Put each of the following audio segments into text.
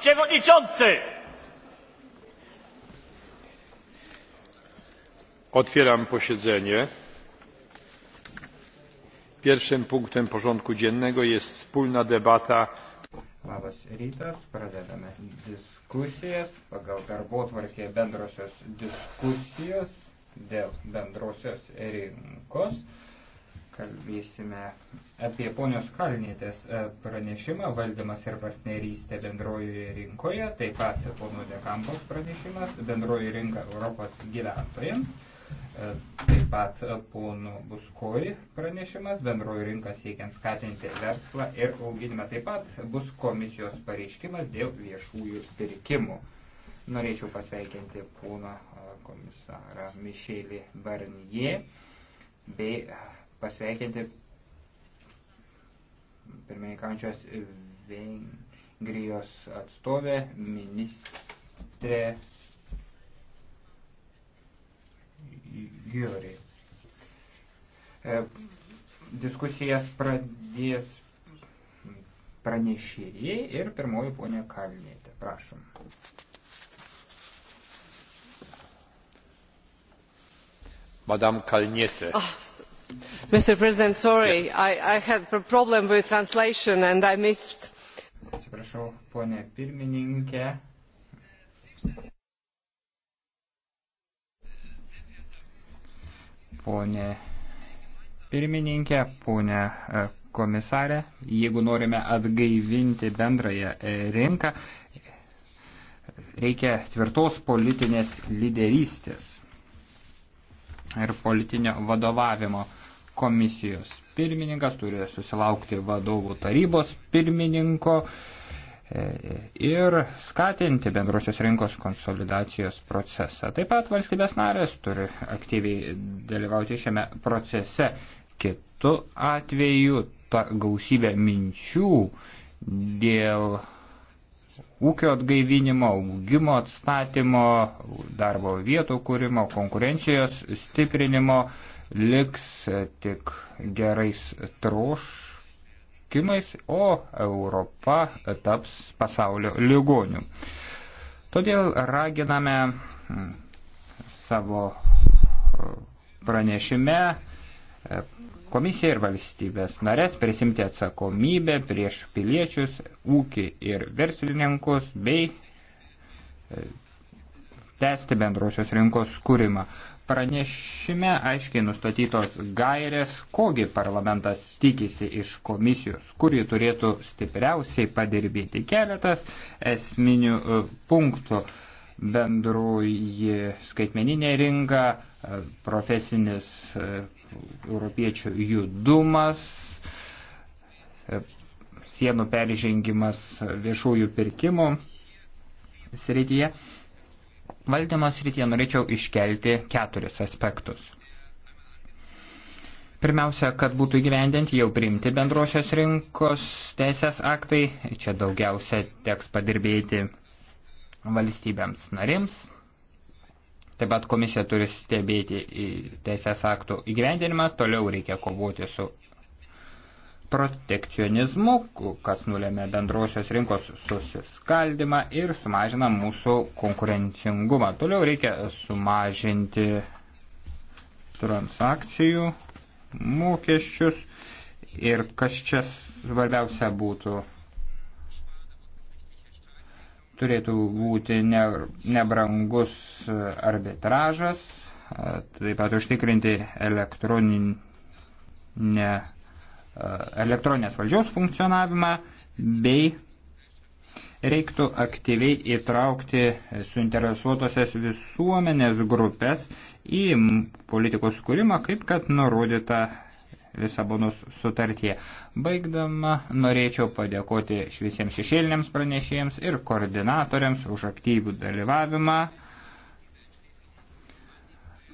przewodniczący! Otwieram posiedzenie. Pierwszym punktem porządku dziennego jest wspólna debata. Labas rytas, pradedame diskusijas pagal darbotvarkė bendrosios diskusijos dėl bendrosios rinkos kalbėsime apie ponios Kalnytės e, pranešimą valdymas ir partnerystė bendrojoje rinkoje, taip pat pono Dekampos pranešimas bendroji rinka Europos gyventojams, e, taip pat pono Buskori pranešimas bendroji rinka siekiant skatinti verslą ir auginimą, taip pat bus komisijos pareiškimas dėl viešųjų pirkimų. Norėčiau pasveikinti poną e, komisarą Mišėlį Barnie bei pasveikinti pirmininkančios Vengrijos atstovę, ministrę Giorį. E, diskusijas pradės pranešėjai ir pirmoji ponė Kalnėte. Prašom. Madame Kalnėte. Oh. Ah, Mr. President, sorry, I, I had a problem with translation and I missed. Atsiprašau, ponė pirmininkė. Pone pirmininkė, pone komisarė, jeigu norime atgaivinti bendrąją e, rinką, reikia tvirtos politinės lyderystės ir politinio vadovavimo komisijos pirmininkas turi susilaukti vadovų tarybos pirmininko e, ir skatinti bendrosios rinkos konsolidacijos procesą. Taip pat valstybės narės turi aktyviai dalyvauti šiame procese. Kitu atveju ta gausybė minčių dėl ūkio atgaivinimo, augimo atstatymo, darbo vietų kūrimo, konkurencijos stiprinimo liks tik gerais troškimais, o Europa taps pasaulio lygonių. Todėl raginame hmm, savo e, pranešime komisiją ir valstybės narės prisimti atsakomybę prieš piliečius, ūkį ir verslininkus bei e, tęsti bendrosios rinkos skūrimą. Pranešime aiškiai nustatytos gairės, kogi parlamentas tikisi iš komisijos, kuri turėtų stipriausiai padirbėti keletas esminių e, punktų bendroji skaitmeninė rinka, e, profesinis europiečių judumas, e, sienų peržengimas viešųjų pirkimų srityje. Valdymo srityje norėčiau iškelti keturis aspektus. Pirmiausia, kad būtų įgyvendinti jau priimti bendrosios rinkos teisės aktai, čia daugiausia teks padirbėti valstybėms narėms. Taip pat komisija turi stebėti teisės aktų įgyvendinimą, toliau reikia kovoti su protekcionizmu, kas nulėmė bendrosios rinkos susiskaldimą ir sumažina mūsų konkurencingumą. Toliau reikia sumažinti transakcijų mokesčius ir kas čia svarbiausia būtų turėtų būti ne, nebrangus arbitražas, taip pat užtikrinti elektroninę, elektroninės valdžios funkcionavimą bei reiktų aktyviai įtraukti suinteresuotosias visuomenės grupės į politikos skūrimą, kaip kad nurodyta Lisabonos sutartyje. Baigdama norėčiau padėkoti visiems šešėliniams pranešėjams ir koordinatoriams už aktyvų dalyvavimą.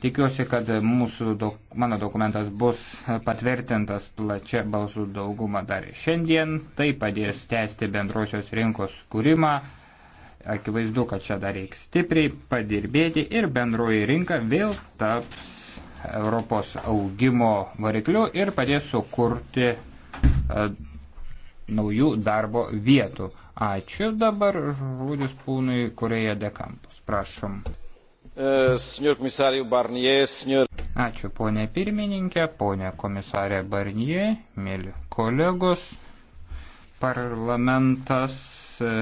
Tikiuosi, kad mūsų dok mano dokumentas bus patvirtintas plačia balsų dauguma dar šiandien. Tai padės tęsti bendrosios rinkos kūrimą. Akivaizdu, kad čia dar reikia stipriai padirbėti ir bendroji rinka vėl taps Europos augimo varikliu ir padės sukurti e, naujų darbo vietų. Ačiū dabar žodis pūnui Koreja Dekampus. Prašom. E, Ačiū ponė pirmininkė, ponė komisarė Barnie, mėly kolegos. Parlamentas e,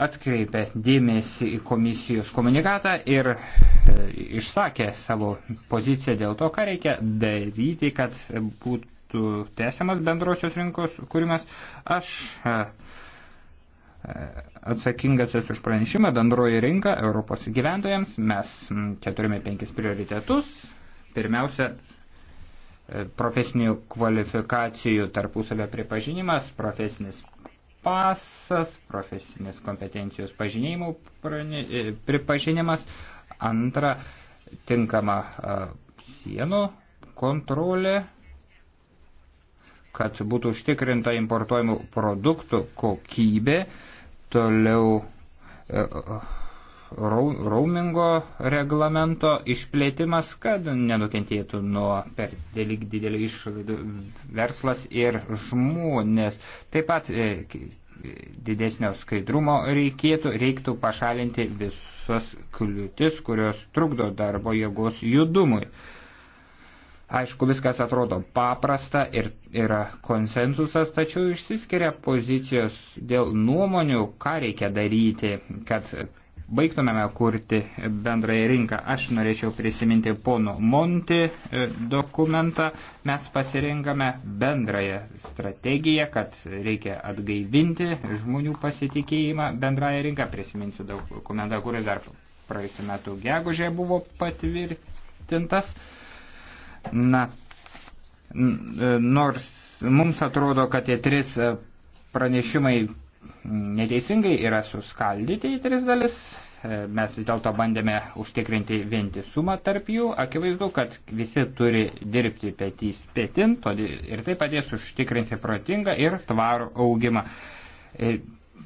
atkreipė dėmesį į komisijos komunikatą ir e, išsakė savo poziciją dėl to, ką reikia daryti, kad būtų tęsiamas bendrosios rinkos kūrimas. Aš e, e, atsakingas esu už pranešimą bendroji rinka Europos gyventojams. Mes čia turime penkis prioritetus. Pirmiausia, profesinių kvalifikacijų tarpusavio pripažinimas, profesinis pasas, profesinės kompetencijos pažinėjimų e, pripažinimas, antra, tinkama e, sienų kontrolė, kad būtų užtikrinta importuojamų produktų kokybė, toliau e, raumingo reglamento išplėtimas, kad nenukentėtų nuo per dėlik didelį išlaidų verslas ir žmonės. Taip pat e, didesnio skaidrumo reikėtų, reiktų pašalinti visas kliūtis, kurios trukdo darbo jėgos judumui. Aišku, viskas atrodo paprasta ir yra konsensusas, tačiau išsiskiria pozicijos dėl nuomonių, ką reikia daryti, kad baigtumėme kurti bendrąją rinką. Aš norėčiau prisiminti pono Monti e, dokumentą. Mes pasirinkame bendrąją strategiją, kad reikia atgaivinti žmonių pasitikėjimą bendrąją rinką. Prisiminsiu dokumentą, kuris dar praeitų metų gegužė buvo patvirtintas. Na, e, nors mums atrodo, kad tie tris pranešimai neteisingai yra suskaldyti į tris dalis. E, mes vis dėlto bandėme užtikrinti vientisumą tarp jų. Akivaizdu, kad visi turi dirbti petys pietin ir tai padės užtikrinti protingą ir tvarų augimą. E,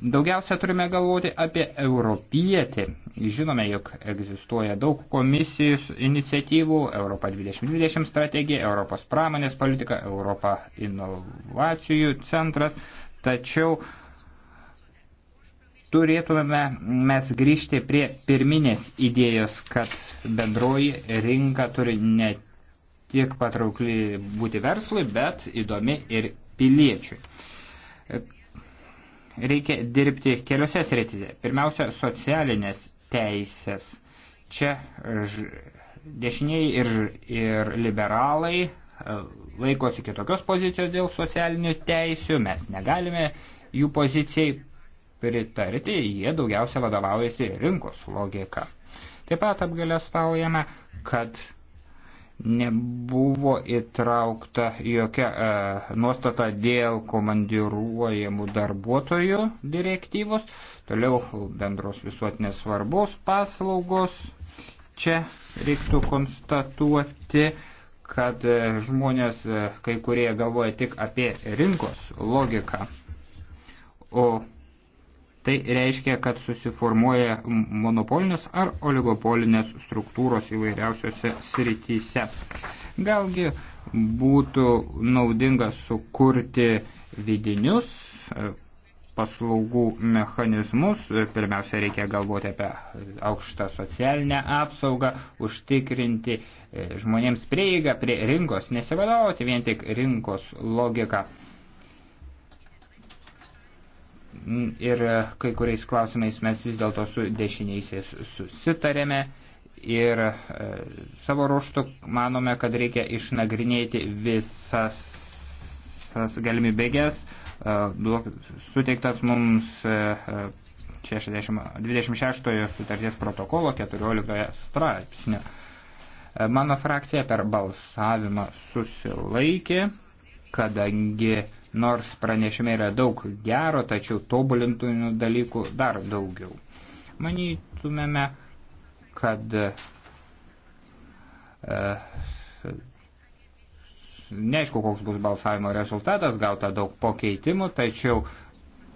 daugiausia turime galvoti apie europietį. Žinome, jog egzistuoja daug komisijos iniciatyvų, Europa 2020 strategija, Europos pramonės politika, Europa inovacijų centras, tačiau uh, turėtumėme mes grįžti prie pirminės idėjos, kad bendroji rinka turi ne tik patraukli būti verslui, bet įdomi ir piliečiui. Reikia dirbti keliose srityse. Pirmiausia, socialinės teisės. Čia dešiniai ir, ir liberalai e, laikosi kitokios pozicijos dėl socialinių teisių. Mes negalime jų pozicijai pritarti, jie daugiausia vadovaujasi rinkos logika. Taip pat apgalėstaujame, kad nebuvo įtraukta jokia e, nuostata dėl komandiruojamų darbuotojų direktyvos, toliau bendros visuotinės svarbos paslaugos. Čia reiktų konstatuoti, kad e, žmonės e, kai kurie galvoja tik apie rinkos logiką, o Tai reiškia, kad susiformuoja monopolinės ar oligopolinės struktūros įvairiausiose srityse. Galgi būtų naudinga sukurti vidinius e, paslaugų mechanizmus. Pirmiausia, reikia galvoti apie aukštą socialinę apsaugą, užtikrinti e, žmonėms prieigą prie rinkos, nesivadovauti vien tik rinkos logiką. Mm, ir e, kai kuriais klausimais mes vis dėlto su dešiniaisiais susitarėme ir e, savo ruoštų manome, kad reikia išnagrinėti visas, visas galimybėgės, e, suteiktas mums 60, 26 sutarties protokolo 14 straipsnio. Mano frakcija per balsavimą susilaikė, kadangi Nors pranešime yra daug gero, tačiau tobulintų dalykų dar daugiau. Manytumėme, kad e, neaišku, koks bus balsavimo rezultatas, gauta daug pakeitimų, tačiau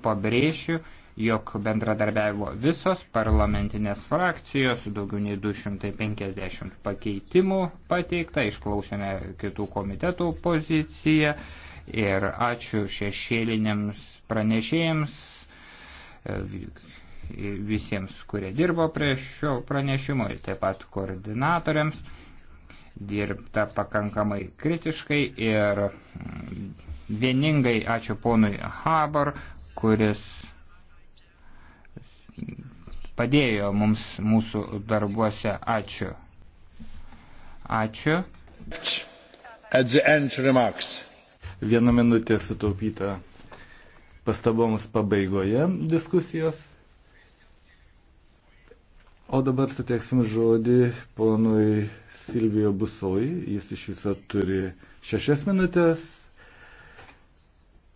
pabrėšiu, jog bendradarbiavo visos parlamentinės frakcijos, daugiau nei 250 pakeitimų pateikta, išklausėme kitų komitetų poziciją ir ačiū šešėliniams pranešėjams e, visiems, kurie dirbo prie šio pranešimo ir taip pat koordinatoriams. Dirbta pakankamai kritiškai ir mm, vieningai ačiū ponui Habar, kuris padėjo mums mūsų darbuose. Ačiū. Ačiū. Vieną minutę sutaupyta pastaboms pabaigoje diskusijos. O dabar suteiksim žodį ponui Silvijo Busoj. Jis iš viso turi šešias minutės,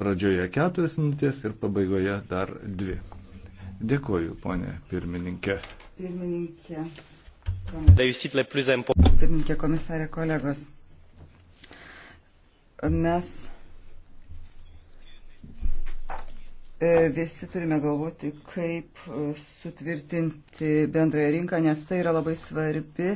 pradžioje keturias minutės ir pabaigoje dar dvi. Dėkuoju, ponė pirmininkė. Pirmininkė. Tai pirmininkė komisarė kolegos. Mes e, visi turime galvoti, kaip e, sutvirtinti bendrąją rinką, nes tai yra labai svarbi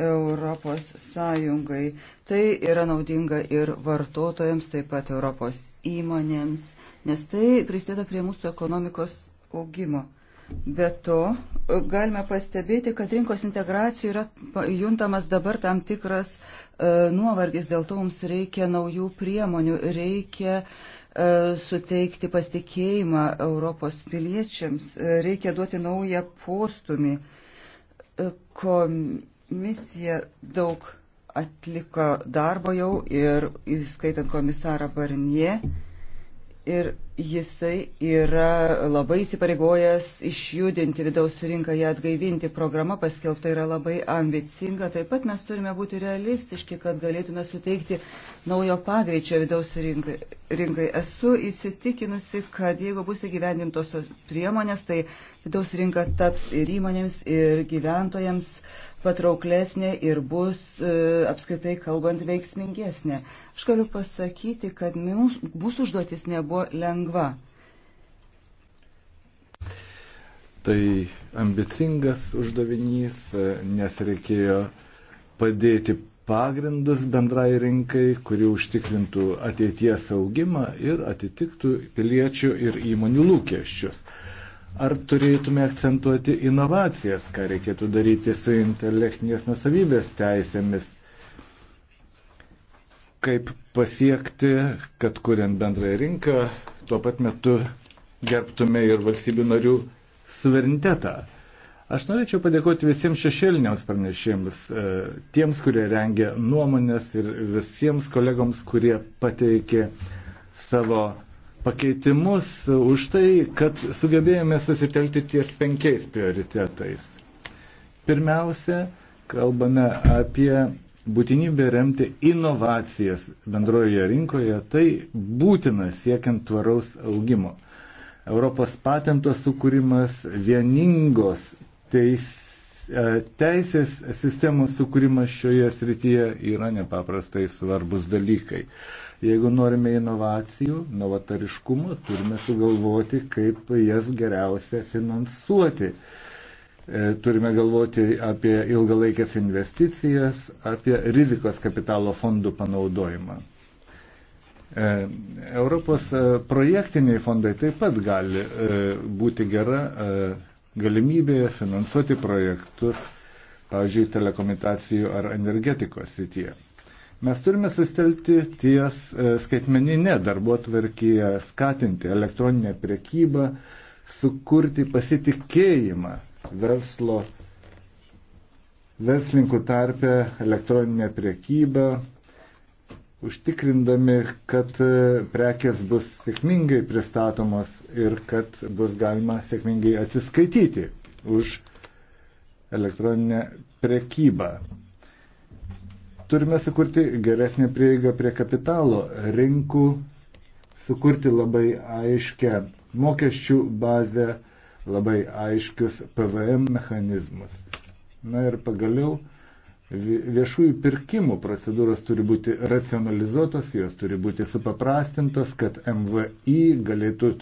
Europos Sąjungai. Tai yra naudinga ir vartotojams, taip pat Europos įmonėms, nes tai prisideda prie mūsų ekonomikos augimo. Be to, galime pastebėti, kad rinkos integracijų yra juntamas dabar tam tikras e, nuovargis, dėl to mums reikia naujų priemonių, reikia e, suteikti pasitikėjimą Europos piliečiams, e, reikia duoti naują postumį. E, komisija daug atliko darbo jau ir įskaitant komisarą Barnie. E, ir jisai yra labai įsipareigojęs išjudinti vidaus rinką, ją atgaivinti. Programa paskelbta yra labai ambicinga. Taip pat mes turime būti realistiški, kad galėtume suteikti naujo pagreičio vidaus rinkai. rinkai. Esu įsitikinusi, kad jeigu bus įgyvendintos priemonės, tai vidaus rinka taps ir įmonėms, ir gyventojams patrauklesnė ir bus e, apskritai kalbant veiksmingesnė. Aš galiu pasakyti, kad mūsų užduotis nebuvo lengva. Tai ambicingas uždavinys, e, nes reikėjo padėti pagrindus bendrai rinkai, kuri užtikrintų ateities augimą ir atitiktų piliečių ir įmonių lūkesčius. Ar turėtume akcentuoti inovacijas, ką reikėtų daryti su intelektinės nusavybės teisėmis? Kaip pasiekti, kad kuriant bendrąją rinką, tuo pat metu gerbtume ir valstybių narių suverenitetą? Aš norėčiau padėkoti visiems šešėliniams pranešėjams, e, tiems, kurie rengė nuomonės ir visiems kolegoms, kurie pateikė savo pakeitimus už tai, kad sugebėjome susitelti ties penkiais prioritetais. Pirmiausia, kalbame apie būtinybę remti inovacijas bendroje rinkoje. Tai būtina siekiant tvaraus augimo. Europos patento sukūrimas, vieningos teis, e, teisės sistemos sukūrimas šioje srityje yra nepaprastai svarbus dalykai. Jeigu norime inovacijų, novatariškumo, turime sugalvoti, kaip jas geriausia finansuoti. E, turime galvoti apie ilgalaikės investicijas, apie rizikos kapitalo fondų panaudojimą. E, Europos e, projektiniai fondai taip pat gali būti gera galimybė finansuoti projektus, pavyzdžiui, telekomunikacijų ar energetikos srityje. Mes turime sustelti ties e, skaitmeninė darbo tvarkyje, skatinti elektroninę priekybą, sukurti pasitikėjimą verslo, verslininkų tarpę elektroninę priekybą, užtikrindami, kad e, prekės bus sėkmingai pristatomos ir kad bus galima sėkmingai atsiskaityti už elektroninę prekybą. Turime sukurti geresnį prieigą prie kapitalo rinkų, sukurti labai aiškę mokesčių bazę, labai aiškius PVM mechanizmus. Na ir pagaliau viešųjų pirkimų procedūros turi būti racionalizuotos, jos turi būti supaprastintos, kad MVI galėtų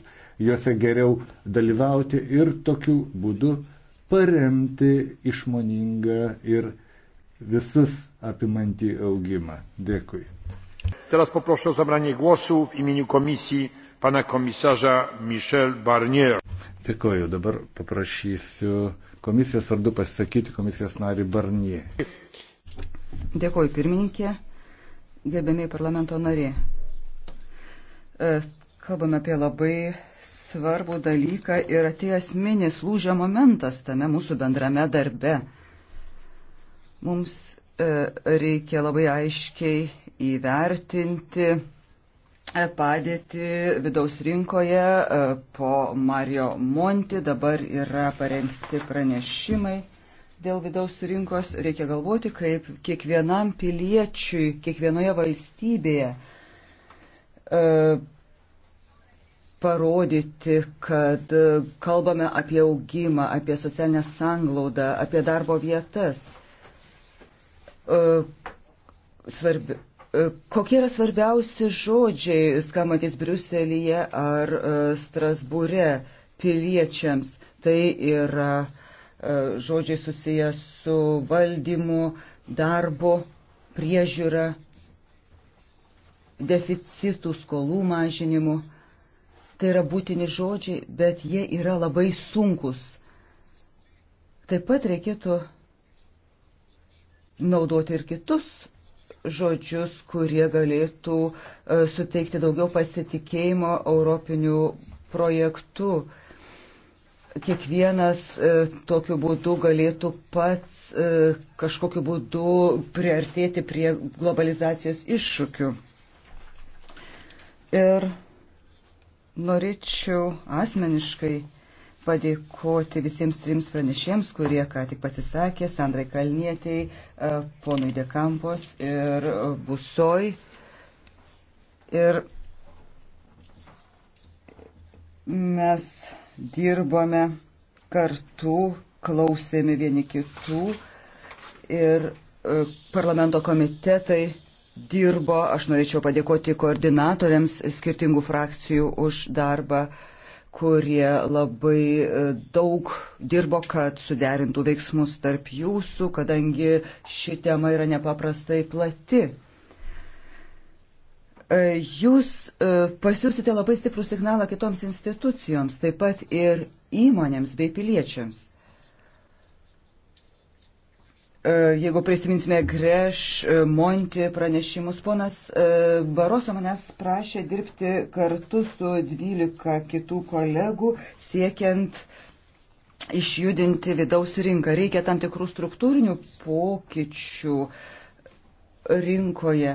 juose geriau dalyvauti ir tokiu būdu paremti išmoningą ir visus apimantį augimą. Dėkui. Teraz poproszę o zabranie głosu w imieniu komisji pana komisarza Michel Barnier. Dėkoju. Dabar paprašysiu komisijos vardu pasisakyti komisijos narį Barnier. Dėkoju pirmininkė, gerbėmiai parlamento nariai. E, kalbame apie labai svarbų dalyką ir atėjęs minis lūžio momentas tame mūsų bendrame darbe. Mums e, reikia labai aiškiai įvertinti e, padėti vidaus rinkoje. E, po Mario Monti dabar yra parengti pranešimai dėl vidaus rinkos. Reikia galvoti, kaip kiekvienam piliečiui, kiekvienoje valstybėje parodyti, kad kalbame apie augimą, apie socialinę sanglaudą, apie darbo vietas E, svarbi, e, kokie yra svarbiausi žodžiai skamantis Briuselyje ar e, Strasbūre piliečiams. Tai yra žodžiai susijęs su valdymu, darbu, priežiūra, deficitų skolų mažinimu. Tai yra būtini žodžiai, bet jie yra labai sunkus. Taip pat reikėtų naudoti ir kitus žodžius, kurie galėtų e, suteikti daugiau pasitikėjimo europinių projektų. Kiekvienas e, tokiu būdu galėtų pats e, kažkokiu būdu priartėti prie globalizacijos iššūkių. Ir norėčiau asmeniškai padėkoti visiems trims pranešėms, kurie ką tik pasisakė, Sandrai Kalnietiai, e, ponui Dekampos ir e, Busoj. Ir mes dirbome kartu, klausėme vieni kitų ir e, parlamento komitetai dirbo. Aš norėčiau padėkoti koordinatoriams skirtingų frakcijų už darbą kurie labai e, daug dirbo, kad suderintų veiksmus tarp jūsų, kadangi ši tema yra nepaprastai plati. E, jūs e, pasiūsite labai stiprų signalą kitoms institucijoms, taip pat ir įmonėms bei piliečiams. E, jeigu prisiminsime Greš, e, Monti pranešimus, ponas e, Baroso manęs prašė dirbti kartu su 12 kitų kolegų siekiant išjudinti vidaus rinką. Reikia tam tikrų struktūrinių pokyčių rinkoje,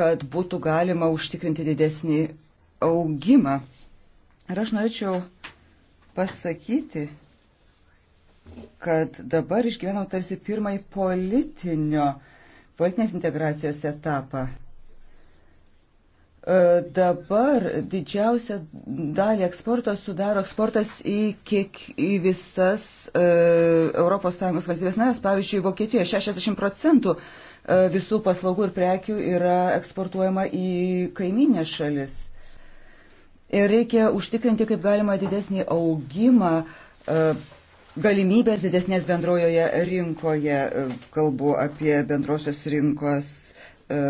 kad būtų galima užtikrinti didesnį augimą. Ir aš norėčiau pasakyti, kad dabar išgyvenam tarsi pirmąjį politinio, politinės integracijos etapą. E, dabar didžiausią dalį eksporto sudaro eksportas į, kiek, į visas e, ES valstybės narės. Pavyzdžiui, Vokietijoje 60 procentų e, visų paslaugų ir prekių yra eksportuojama į kaiminės šalis. Ir reikia užtikrinti kaip galima didesnį augimą e, galimybės didesnės bendrojoje rinkoje. E, kalbu apie bendrosios rinkos e,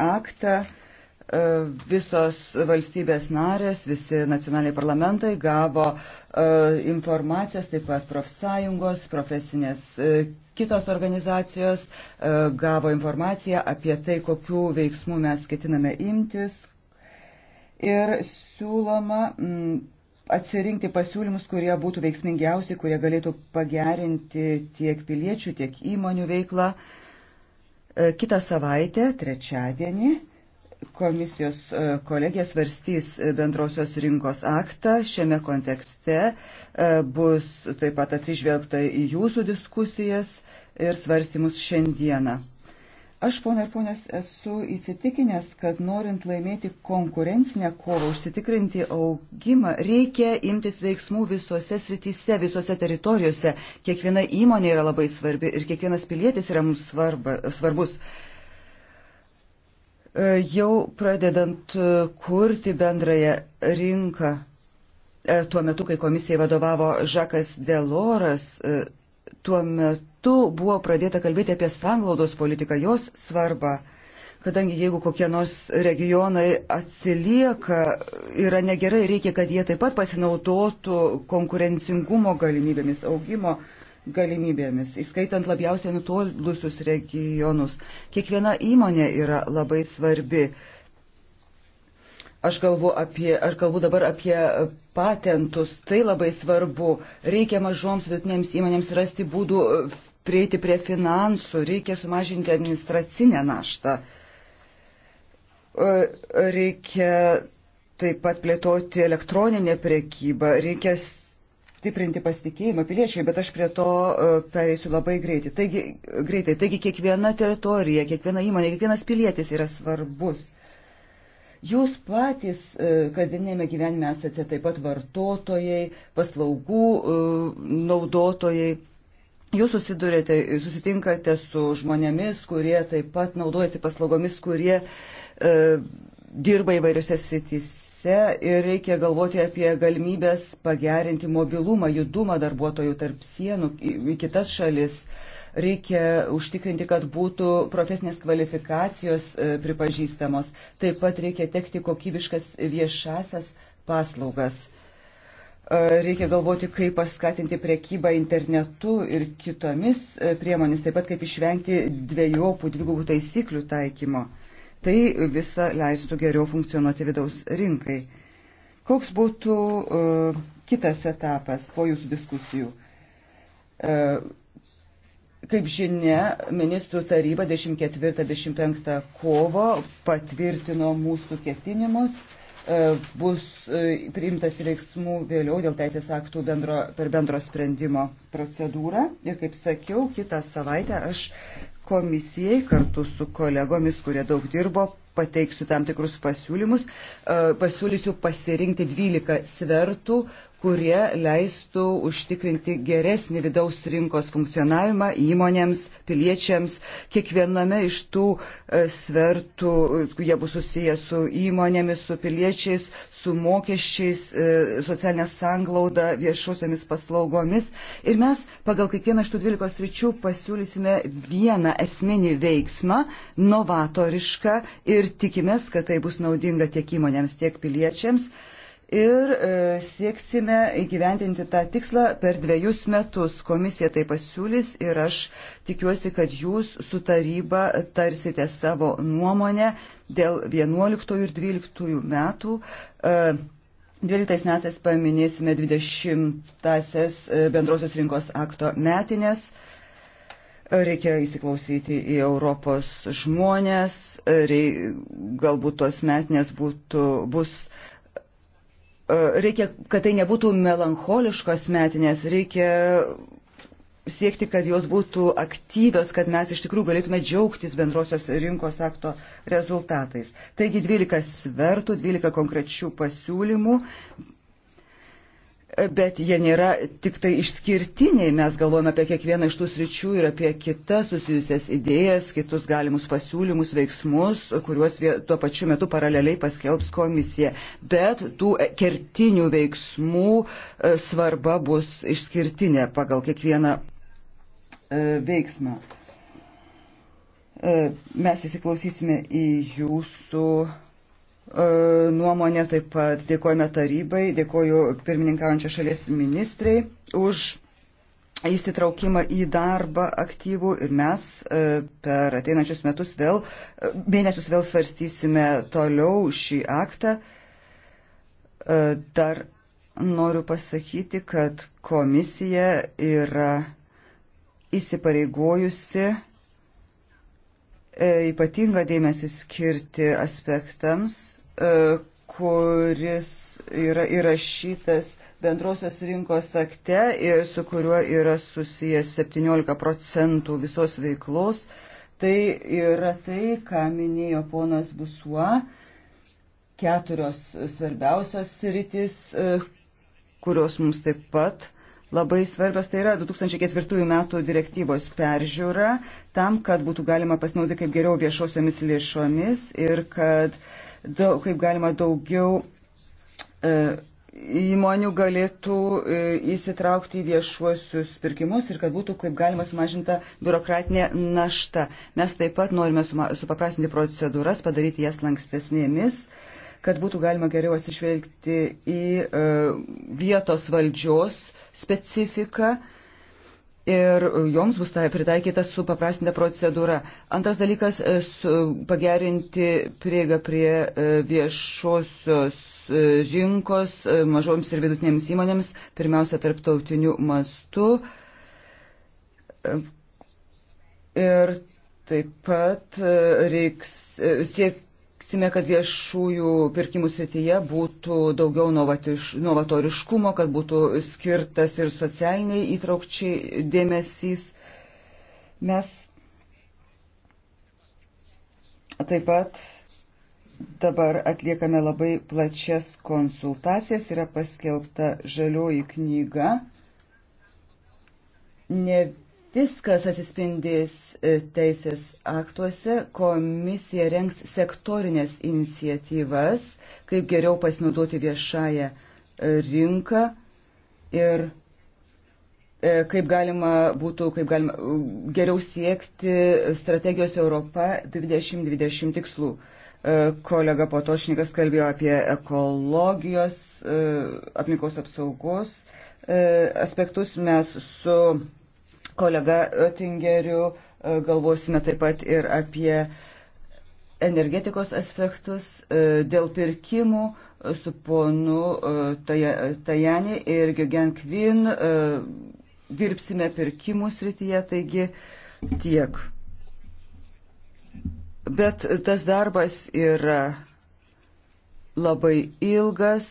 aktą. E, visos valstybės narės, visi nacionaliniai parlamentai gavo informacijos, taip pat profsąjungos, profesinės kitos organizacijos gavo informaciją apie tai, kokių veiksmų mes ketiname imtis. Ir siūloma atsirinkti pasiūlymus, kurie būtų veiksmingiausi, kurie galėtų pagerinti tiek piliečių, tiek įmonių veiklą. E, Kita savaitė, trečiadienį, komisijos e, kolegija svarstys bendrosios rinkos aktą. Šiame kontekste e, bus taip pat atsižvelgta į jūsų diskusijas ir svarstymus šiandieną. Aš, ponai ir ponės, esu įsitikinęs, kad norint laimėti konkurencinę kovą, užsitikrinti augimą, reikia imtis veiksmų visose srityse, visose teritorijose. Kiekviena įmonė yra labai svarbi ir kiekvienas pilietis yra mums svarba, svarbus e, jau pradedant e, kurti bendrąją rinką, e, tuo metu, kai komisijai vadovavo Žakas Deloras, tuo metu buvo pradėta kalbėti apie sanglaudos politiką, jos svarbą, kadangi jeigu kokie nors regionai atsilieka, yra negerai, reikia, kad jie taip pat pasinaudotų konkurencingumo galimybėmis, augimo galimybėmis, įskaitant labiausiai nutolusius regionus. Kiekviena įmonė yra labai svarbi. Aš kalbu, apie, aš kalbu dabar apie patentus. Tai labai svarbu. Reikia mažoms vidutinėms įmonėms rasti būdų e, prieiti prie finansų, reikia sumažinti administracinę naštą. E, reikia taip pat plėtoti elektroninę prekybą, reikia stiprinti pasitikėjimą piliečiui, bet aš prie to e, pereisiu labai greitai. Taigi, greitai. Taigi kiekviena teritorija, kiekviena įmonė, kiekvienas pilietis yra svarbus. Jūs patys e, kasdienėme gyvenime esate taip pat vartotojai, paslaugų e, naudotojai. Jūs susidurėte, susitinkate su žmonėmis, kurie taip pat naudojasi paslaugomis, kurie e, dirba įvairiose sitise ir reikia galvoti apie galimybės pagerinti mobilumą, judumą darbuotojų tarp sienų į, į kitas šalis. Reikia užtikrinti, kad būtų profesinės kvalifikacijos e, pripažįstamos. Taip pat reikia tekti kokybiškas viešasias paslaugas. E, reikia galvoti, kaip paskatinti priekybą internetu ir kitomis e, priemonės, taip pat kaip išvengti dviejopų dvigubų taisyklių taikymo. Tai visa leistų geriau funkcionuoti vidaus rinkai. Koks būtų uh, kitas etapas po jūsų diskusijų? Uh, Kaip žinia, ministrų taryba 24-25 kovo patvirtino mūsų ketinimus, e, bus e, priimtas veiksmų vėliau dėl teisės aktų bendro, per bendro sprendimo procedūrą. Ir kaip sakiau, kitą savaitę aš komisijai kartu su kolegomis, kurie daug dirbo, pateiksiu tam tikrus pasiūlymus. E, pasiūlysiu pasirinkti 12 svertų, kurie leistų užtikrinti geresnį vidaus rinkos funkcionavimą įmonėms, piliečiams. Kiekviename iš tų e, svertų, jie bus susiję su įmonėmis, su piliečiais, su mokesčiais, e, socialinė sanglauda, viešuosiamis paslaugomis. Ir mes pagal kiekvieną iš tų 12 ryčių pasiūlysime vieną esminį veiksmą, novatorišką ir tikimės, kad tai bus naudinga tiek įmonėms, tiek piliečiams ir e, sieksime įgyventinti tą tikslą per dviejus metus. Komisija tai pasiūlys ir aš tikiuosi, kad jūs su taryba tarsite savo nuomonę dėl 11 ir 12 metų. 12 e, metais paminėsime 20-asias e, bendrosios rinkos akto metinės reikia įsiklausyti į Europos žmonės, rei, galbūt tos metinės būtų, bus E, reikia, kad tai nebūtų melancholiškos metinės, reikia siekti, kad jos būtų aktyvios, kad mes iš tikrųjų galėtume džiaugtis bendrosios rinkos akto rezultatais. Taigi 12 svertų, 12 konkrečių pasiūlymų, bet jie nėra tik tai išskirtiniai. Mes galvojame apie kiekvieną iš tų sričių ir apie kitas susijusias idėjas, kitus galimus pasiūlymus, veiksmus, kuriuos tuo pačiu metu paraleliai paskelbs komisija. Bet tų kertinių veiksmų e, svarba bus išskirtinė pagal kiekvieną e, veiksmą. E, mes įsiklausysime į jūsų E, nuomonę, taip pat dėkojame tarybai, dėkoju pirmininkaujančio šalies ministrei už įsitraukimą į darbą aktyvų ir mes e, per ateinančius metus vėl, e, mėnesius vėl svarstysime toliau šį aktą. Dar noriu pasakyti, kad komisija yra įsipareigojusi E, ypatingą dėmesį skirti aspektams, e, kuris yra įrašytas bendrosios rinkos akte ir su kuriuo yra susijęs 17 procentų visos veiklos. Tai yra tai, ką minėjo ponas Busua, keturios svarbiausios rytis, e, kurios mums taip pat labai svarbios. Tai yra 2004 metų direktyvos peržiūra tam, kad būtų galima pasinaudoti kaip geriau viešosiomis lėšomis ir kad daug, kaip galima daugiau e, įmonių galėtų e, įsitraukti į viešuosius pirkimus ir kad būtų kaip galima sumažinta biurokratinė našta. Mes taip pat norime supaprastinti procedūras, padaryti jas lankstesnėmis kad būtų galima geriau atsižvelgti į e, vietos valdžios e, specifiką ir joms bus tai pritaikyta supaprastinta procedūra. Antras dalykas e, - pagerinti prieigą prie e, viešosios žinkos e, mažoms ir vidutinėms įmonėms, pirmiausia, tarptautiniu mastu. Ir taip pat reiks siekti sieksime, kad viešųjų pirkimų srityje būtų daugiau novatiš, novatoriškumo, kad būtų skirtas ir socialiniai įtraukčiai dėmesys. Mes taip pat dabar atliekame labai plačias konsultacijas, yra paskelbta žalioji knyga. Ne Viskas atsispindės e, teisės aktuose, komisija rengs sektorinės iniciatyvas, kaip geriau pasinaudoti viešąją e, rinką ir e, kaip galima būtų, kaip galima geriau siekti strategijos Europa 2020 tikslų. Kolega Potošnikas kalbėjo apie ekologijos, aplinkos apsaugos aspektus. Mes su kolega Oettingeriu, e, galvosime taip pat ir apie energetikos aspektus e, dėl pirkimų e, su ponu Tajani ir Giogen Kvin. Dirbsime pirkimų srityje, taigi tiek. Bet tas darbas yra labai ilgas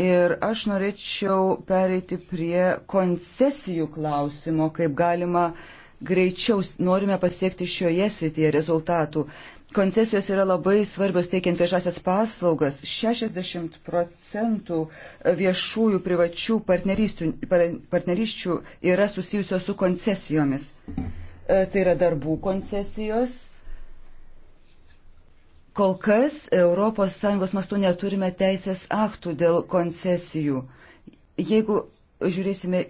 Ir aš norėčiau pereiti prie koncesijų klausimo, kaip galima greičiau norime pasiekti šioje srityje rezultatų. Koncesijos yra labai svarbios teikiant viešasias paslaugas. 60 procentų viešųjų privačių partnerysčių yra susijusios su koncesijomis. E, tai yra darbų koncesijos Kol kas ES mastu neturime teisės aktų dėl koncesijų. Jeigu žiūrėsime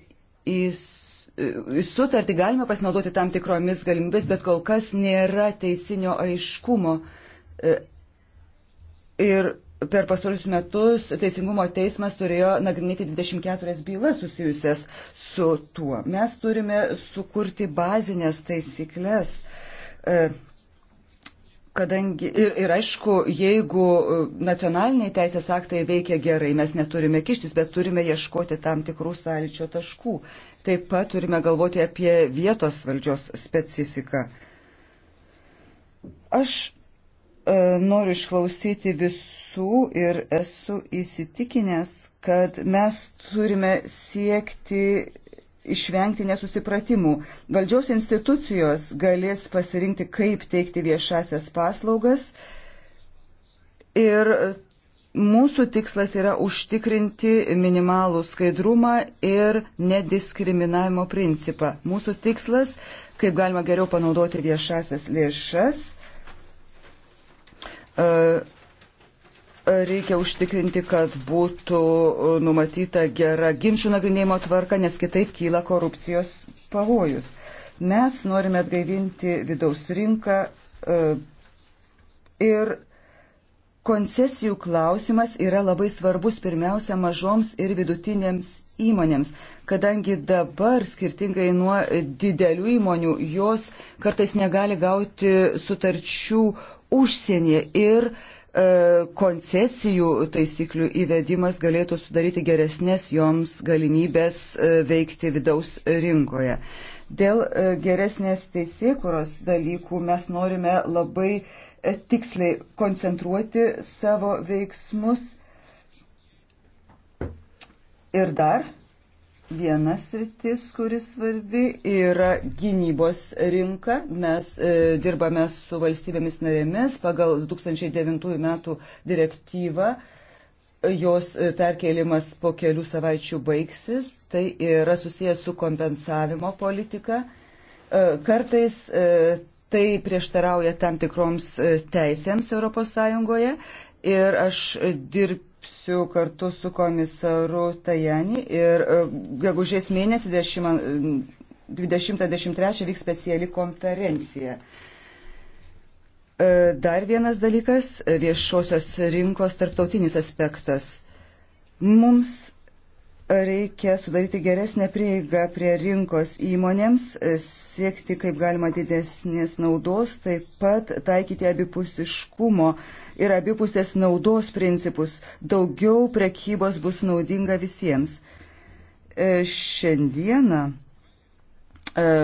į sutartį, galime pasinaudoti tam tikromis galimybės, bet kol kas nėra teisinio aiškumo. E, ir per pastarus metus Teisingumo teismas turėjo nagrinėti 24 bylas susijusias su tuo. Mes turime sukurti bazinės taisyklės e, Kadangi ir, ir aišku, jeigu e, nacionaliniai teisės aktai veikia gerai, mes neturime kištis, bet turime ieškoti tam tikrų sąlyčio taškų. Taip pat turime galvoti apie vietos valdžios specifiką. Aš e, noriu išklausyti visų ir esu įsitikinęs, kad mes turime siekti išvengti nesusipratimų. Valdžiaus institucijos galės pasirinkti, kaip teikti viešasias paslaugas ir mūsų tikslas yra užtikrinti minimalų skaidrumą ir nediskriminavimo principą. Mūsų tikslas, kaip galima geriau panaudoti viešasias lėšas. Uh, reikia užtikrinti, kad būtų e, numatyta gera ginčių nagrinėjimo tvarka, nes kitaip kyla korupcijos pavojus. Mes norime atgaivinti vidaus rinką e, ir koncesijų klausimas yra labai svarbus pirmiausia mažoms ir vidutinėms įmonėms, kadangi dabar skirtingai nuo didelių įmonių jos kartais negali gauti sutarčių užsienyje ir uh, E, koncesijų taisyklių įvedimas galėtų sudaryti geresnės joms galimybės e, veikti vidaus rinkoje. Dėl e, geresnės teisėkuros dalykų mes norime labai tiksliai koncentruoti savo veiksmus. Ir dar Vienas rytis, kuris svarbi, yra gynybos rinka. Mes e, dirbame su valstybėmis narėmis pagal 2009 metų direktyvą. Jos e, perkėlimas po kelių savaičių baigsis. Tai yra susijęs su kompensavimo politika. E, kartais e, tai prieštarauja tam tikroms e, teisėms ES ir aš dirb, dirbsiu kartu su komisaru Tajani ir e, gegužės mėnesį 20-23 e, vyks speciali konferencija. E, dar vienas dalykas - viešosios rinkos tarptautinis aspektas. Mums reikia sudaryti geresnę prieigą prie rinkos įmonėms, siekti kaip galima didesnės naudos, taip pat taikyti abipusiškumo ir abipusės naudos principus. Daugiau prekybos bus naudinga visiems. E, šiandieną e,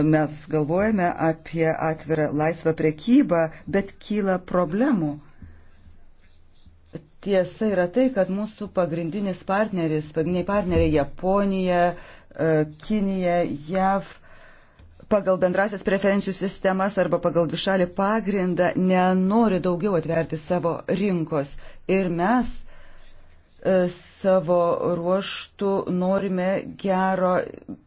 mes galvojame apie atvirą laisvą prekybą, bet kyla problemų Tiesa yra tai, kad mūsų pagrindinis partneris, pagrindiniai partneriai Japonija, e, Kinija, JAV pagal bendrasias preferencijų sistemas arba pagal dvišalį pagrindą nenori daugiau atverti savo rinkos. Ir mes e, savo ruoštų norime gero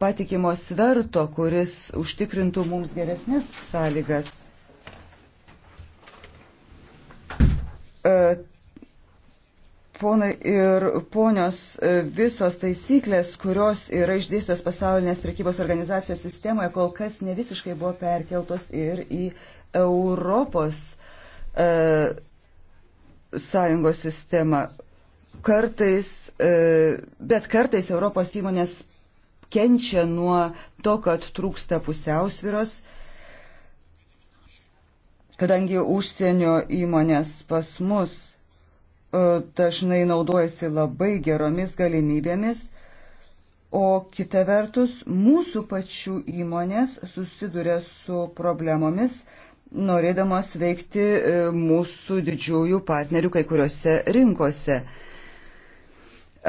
patikimo sverto, kuris užtikrintų mums geresnės sąlygas. E, Ponai ir ponios, e, visos taisyklės, kurios yra išdėstos pasaulinės prekybos organizacijos sistemoje, kol kas ne visiškai buvo perkeltos ir į Europos e, sąjungos sistemą. Kartais, e, bet kartais Europos įmonės kenčia nuo to, kad trūksta pusiausviros, kadangi užsienio įmonės pas mus E, dažnai naudojasi labai geromis galimybėmis, o kita vertus mūsų pačių įmonės susiduria su problemomis, norėdamos veikti e, mūsų didžiųjų partnerių kai kuriuose rinkose.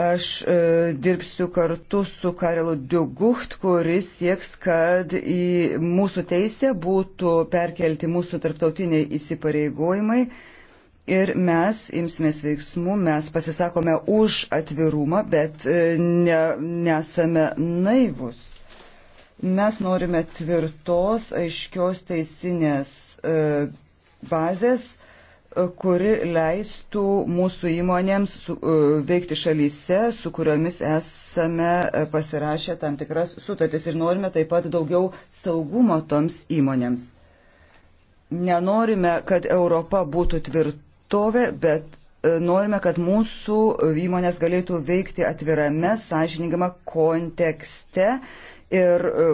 Aš e, dirbsiu kartu su Karelu Diugucht, kuris sieks, kad į mūsų teisę būtų perkelti mūsų tarptautiniai įsipareigojimai ir mes imsimės veiksmų, mes pasisakome už atvirumą, bet e, ne, nesame naivus. Mes norime tvirtos, aiškios teisinės e, bazės, e, kuri leistų mūsų įmonėms su, veikti šalyse, su kuriomis esame pasirašę tam tikras sutartis ir norime taip pat daugiau saugumo toms įmonėms. Nenorime, kad Europa būtų tvirta atstovė, bet e, norime, kad mūsų įmonės galėtų veikti atvirame, sąžiningame kontekste ir e,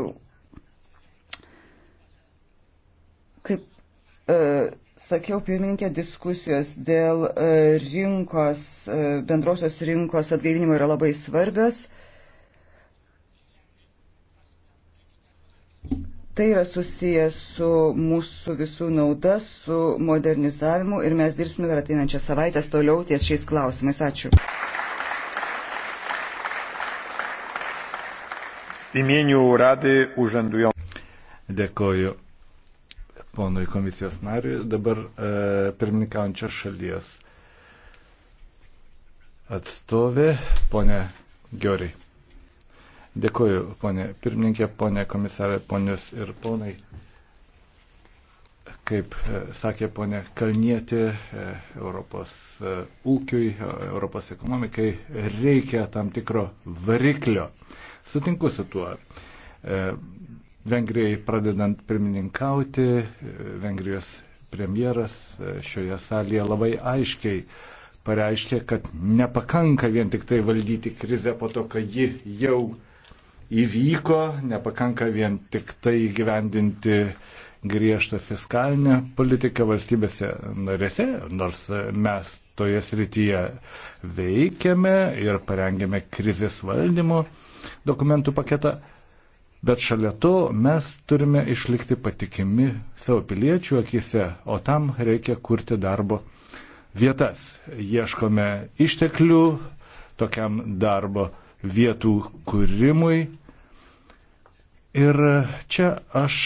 kaip e, sakiau, pirmininkė, diskusijos dėl rinkos, bendrosios rinkos atgaivinimo yra labai svarbios. Tai yra susijęs su mūsų visų nauda, su modernizavimu ir mes dirbsime per ateinančią savaitę toliau ties šiais klausimais. Ačiū. W imieniu Rady Urzędującej. Dėkoju ponui komisijos nariui. Dabar e, pirmininkaujančios šalies atstovė, ponė Gioriai. Dėkuoju, ponė pirmininkė, ponė komisarė, ponios ir ponai. Kaip e, sakė ponė Kalnietė, e, Europos e, ūkiui, Europos ekonomikai reikia tam tikro variklio. Sutinku su tuo. Vengrijai pradedant pirmininkauti, Vengrijos premjeras šioje salėje labai aiškiai pareiškė, kad nepakanka vien tik tai valdyti krizę po to, kai ji jau uh, įvyko, nepakanka vien tik tai gyvendinti griežtą fiskalinę politiką valstybėse narėse, nors mes toje srityje veikiame ir parengėme krizės valdymo dokumentų paketą, bet šalia to mes turime išlikti patikimi savo piliečių akise, o tam reikia kurti darbo vietas. Ieškome išteklių tokiam darbo vietų kūrimui Ir čia aš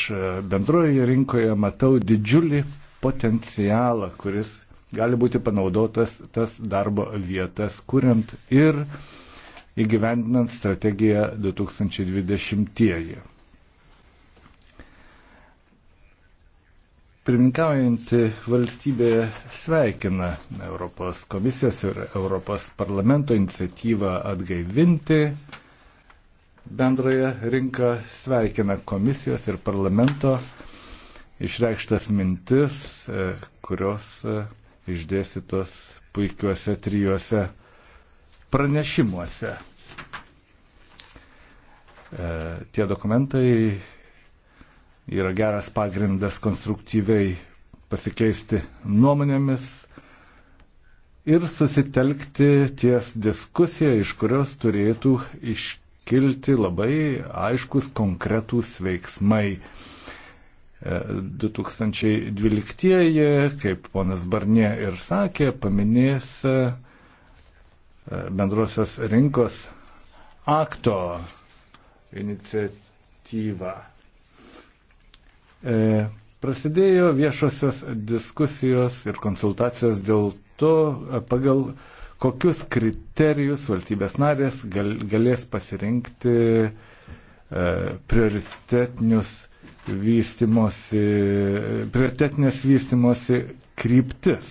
bendroje rinkoje matau didžiulį potencialą, kuris gali būti panaudotas tas darbo vietas, kuriant ir įgyvendinant strategiją 2020-ieji. Pirminkaujanti valstybė sveikina Europos komisijos ir Europos parlamento iniciatyvą atgaivinti bendrąją rinką sveikina komisijos ir parlamento išreikštas mintis, e, kurios e, išdėstytos puikiuose trijuose pranešimuose. E, tie dokumentai yra geras pagrindas konstruktyviai pasikeisti nuomonėmis ir susitelkti ties diskusiją, iš kurios turėtų iškilti kilti labai aiškus konkretūs veiksmai. 2012, e, kaip ponas Barnė ir sakė, paminės e, bendrosios rinkos akto iniciatyvą. E, prasidėjo viešosios diskusijos ir konsultacijos dėl to, pagal kokius kriterijus valstybės narės gal, galės pasirinkti e, prioritetinius vystimosi, prioritetinės vystimosi kryptis.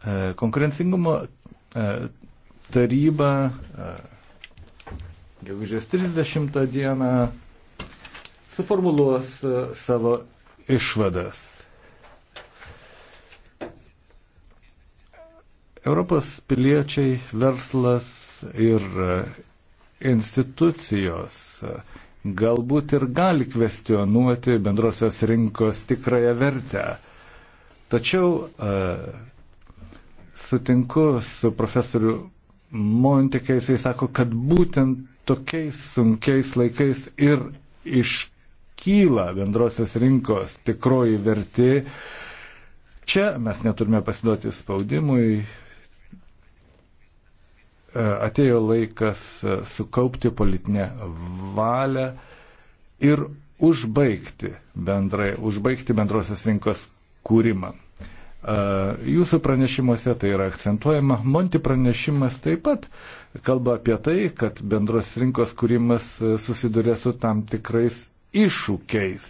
E, konkurencingumo e, taryba e, gegužės 30 dieną suformuluos e, savo išvadas. Europos piliečiai, verslas ir e, institucijos e, galbūt ir gali kvestionuoti bendrosios rinkos tikrąją vertę. Tačiau e, sutinku su profesoriu Montikė, jisai sako, kad būtent tokiais sunkiais laikais ir iškyla bendrosios rinkos tikroji verti. Čia mes neturime pasiduoti spaudimui, E, atėjo laikas e, sukaupti politinę valią ir užbaigti, bendrai, užbaigti bendrosios rinkos kūrimą. E, jūsų pranešimuose tai yra akcentuojama. Monti pranešimas taip pat kalba apie tai, kad bendros rinkos kūrimas susiduria su tam tikrais iššūkiais.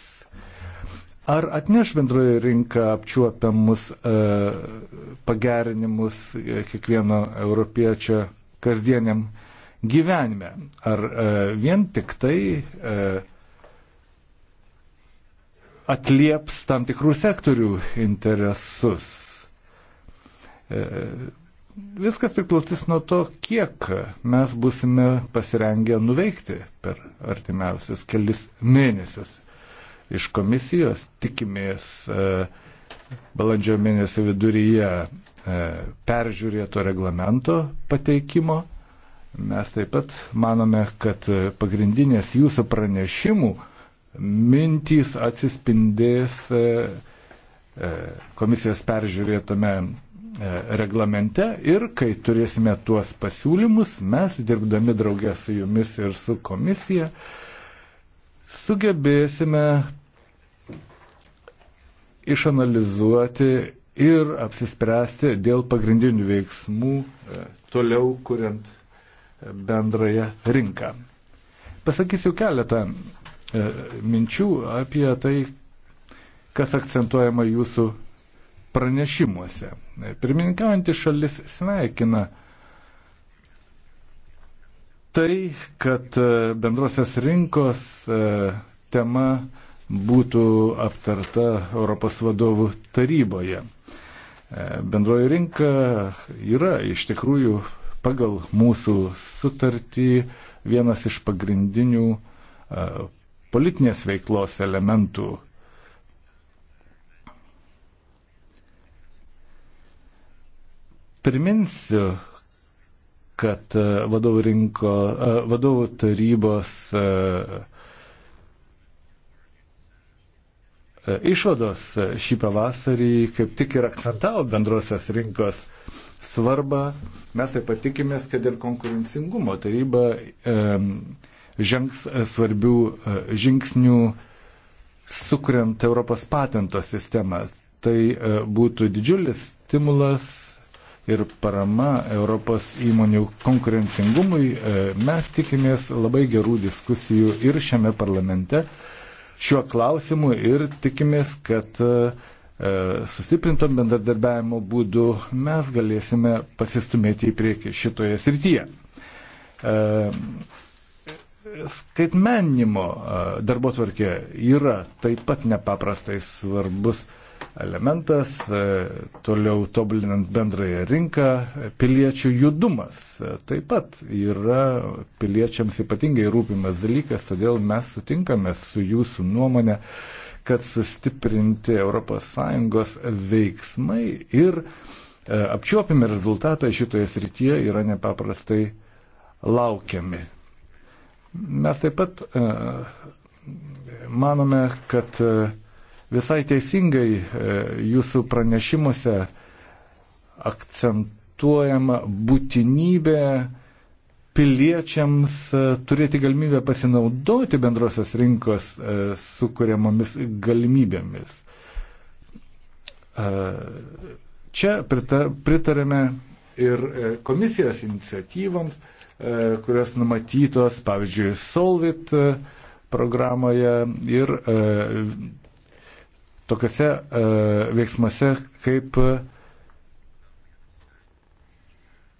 Ar atneš bendroji rinka apčiuopiamus e, pagerinimus kiekvieno europiečio kasdieniam gyvenime. Ar e, vien tik tai e, atlieps tam tikrų sektorių interesus. E, viskas priklausys nuo to, kiek mes busime pasirengę nuveikti per artimiausias kelis mėnesius. Iš komisijos tikimės e, balandžio mėnesio viduryje E, peržiūrėto reglamento pateikimo. Mes taip pat manome, kad pagrindinės jūsų pranešimų mintys atsispindės e, e, komisijos peržiūrėtame reglamente ir kai turėsime tuos pasiūlymus, mes dirbdami draugę su jumis ir su komisija sugebėsime išanalizuoti ir apsispręsti dėl pagrindinių veiksmų e, toliau kuriant e, bendrąją rinką. Pasakysiu keletą e, minčių apie tai, kas akcentuojama jūsų pranešimuose. Pirmininkaujantis šalis sveikina tai, kad bendrosios rinkos tema būtų aptarta Europos vadovų taryboje. E, bendroji rinka yra iš tikrųjų pagal mūsų sutartį vienas iš pagrindinių e, politinės veiklos elementų. Priminsiu, kad e, vadovų, rinko, vadovų tarybos E, išvados šį pavasarį kaip tik ir akcentavo bendrosios rinkos svarbą. Mes taip pat tikimės, kad ir konkurencingumo taryba e, žengs svarbių e, žingsnių sukuriant Europos patento sistemą. Tai e, būtų didžiulis stimulas ir parama Europos įmonių konkurencingumui. E, mes tikimės labai gerų diskusijų ir šiame parlamente. E, šiuo klausimu ir tikimės, kad e, e, sustiprinto bendradarbiavimo būdu mes galėsime pasistumėti į priekį šitoje srityje. E, Skaitmenimo darbo tvarkė yra taip pat nepaprastai svarbus elementas, e, toliau tobulinant bendrąją rinką, piliečių judumas e, taip pat yra piliečiams ypatingai rūpimas dalykas, todėl mes sutinkame su jūsų nuomonė, kad sustiprinti ES veiksmai ir e, apčiuopimi rezultatai šitoje srityje yra nepaprastai laukiami. Mes taip pat manome, kad Visai teisingai e, jūsų pranešimuose akcentuojama būtinybė piliečiams e, turėti galimybę pasinaudoti bendrosios rinkos e, sukūriamomis galimybėmis. Čia pritarėme ir komisijos iniciatyvams, kurios numatytos, pavyzdžiui, Solvit programoje ir tokiuose e, veiksmuose kaip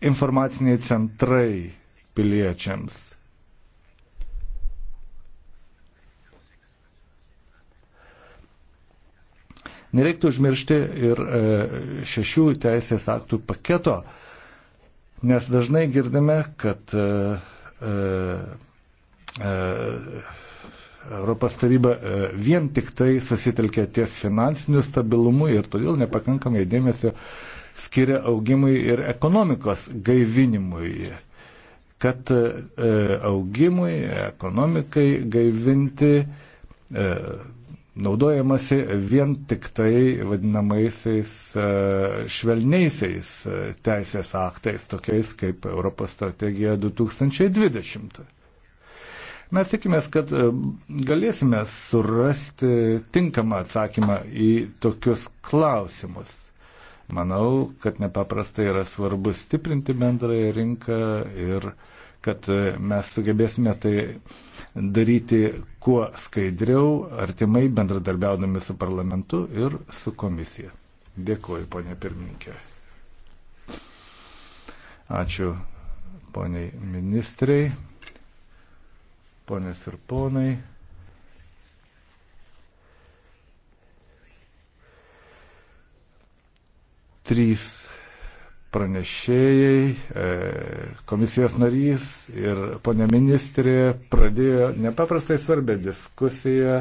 informaciniai centrai piliečiams. Nereiktų užmiršti ir e, šešių teisės aktų paketo, nes dažnai girdime, kad e, e, e Europos taryba e, vien tik tai susitelkė ties finansiniu stabilumu ir todėl nepakankamai dėmesio skiria augimui ir ekonomikos gaivinimui. Kad e, augimui, ekonomikai gaivinti e, naudojamasi vien tik tai vadinamaisiais švelniaisiais teisės aktais, tokiais kaip Europos strategija 2020. Mes tikimės, kad e, galėsime surasti tinkamą atsakymą į tokius klausimus. Manau, kad nepaprastai yra svarbu stiprinti bendrąją rinką ir kad e, mes sugebėsime tai daryti kuo skaidriau, artimai bendradarbiaudami su parlamentu ir su komisija. Dėkuoju, ponė pirmininkė. Ačiū, poniai ministrei ponės ir ponai. Trys pranešėjai, e, komisijos narys ir ponė ministrė pradėjo nepaprastai svarbę diskusiją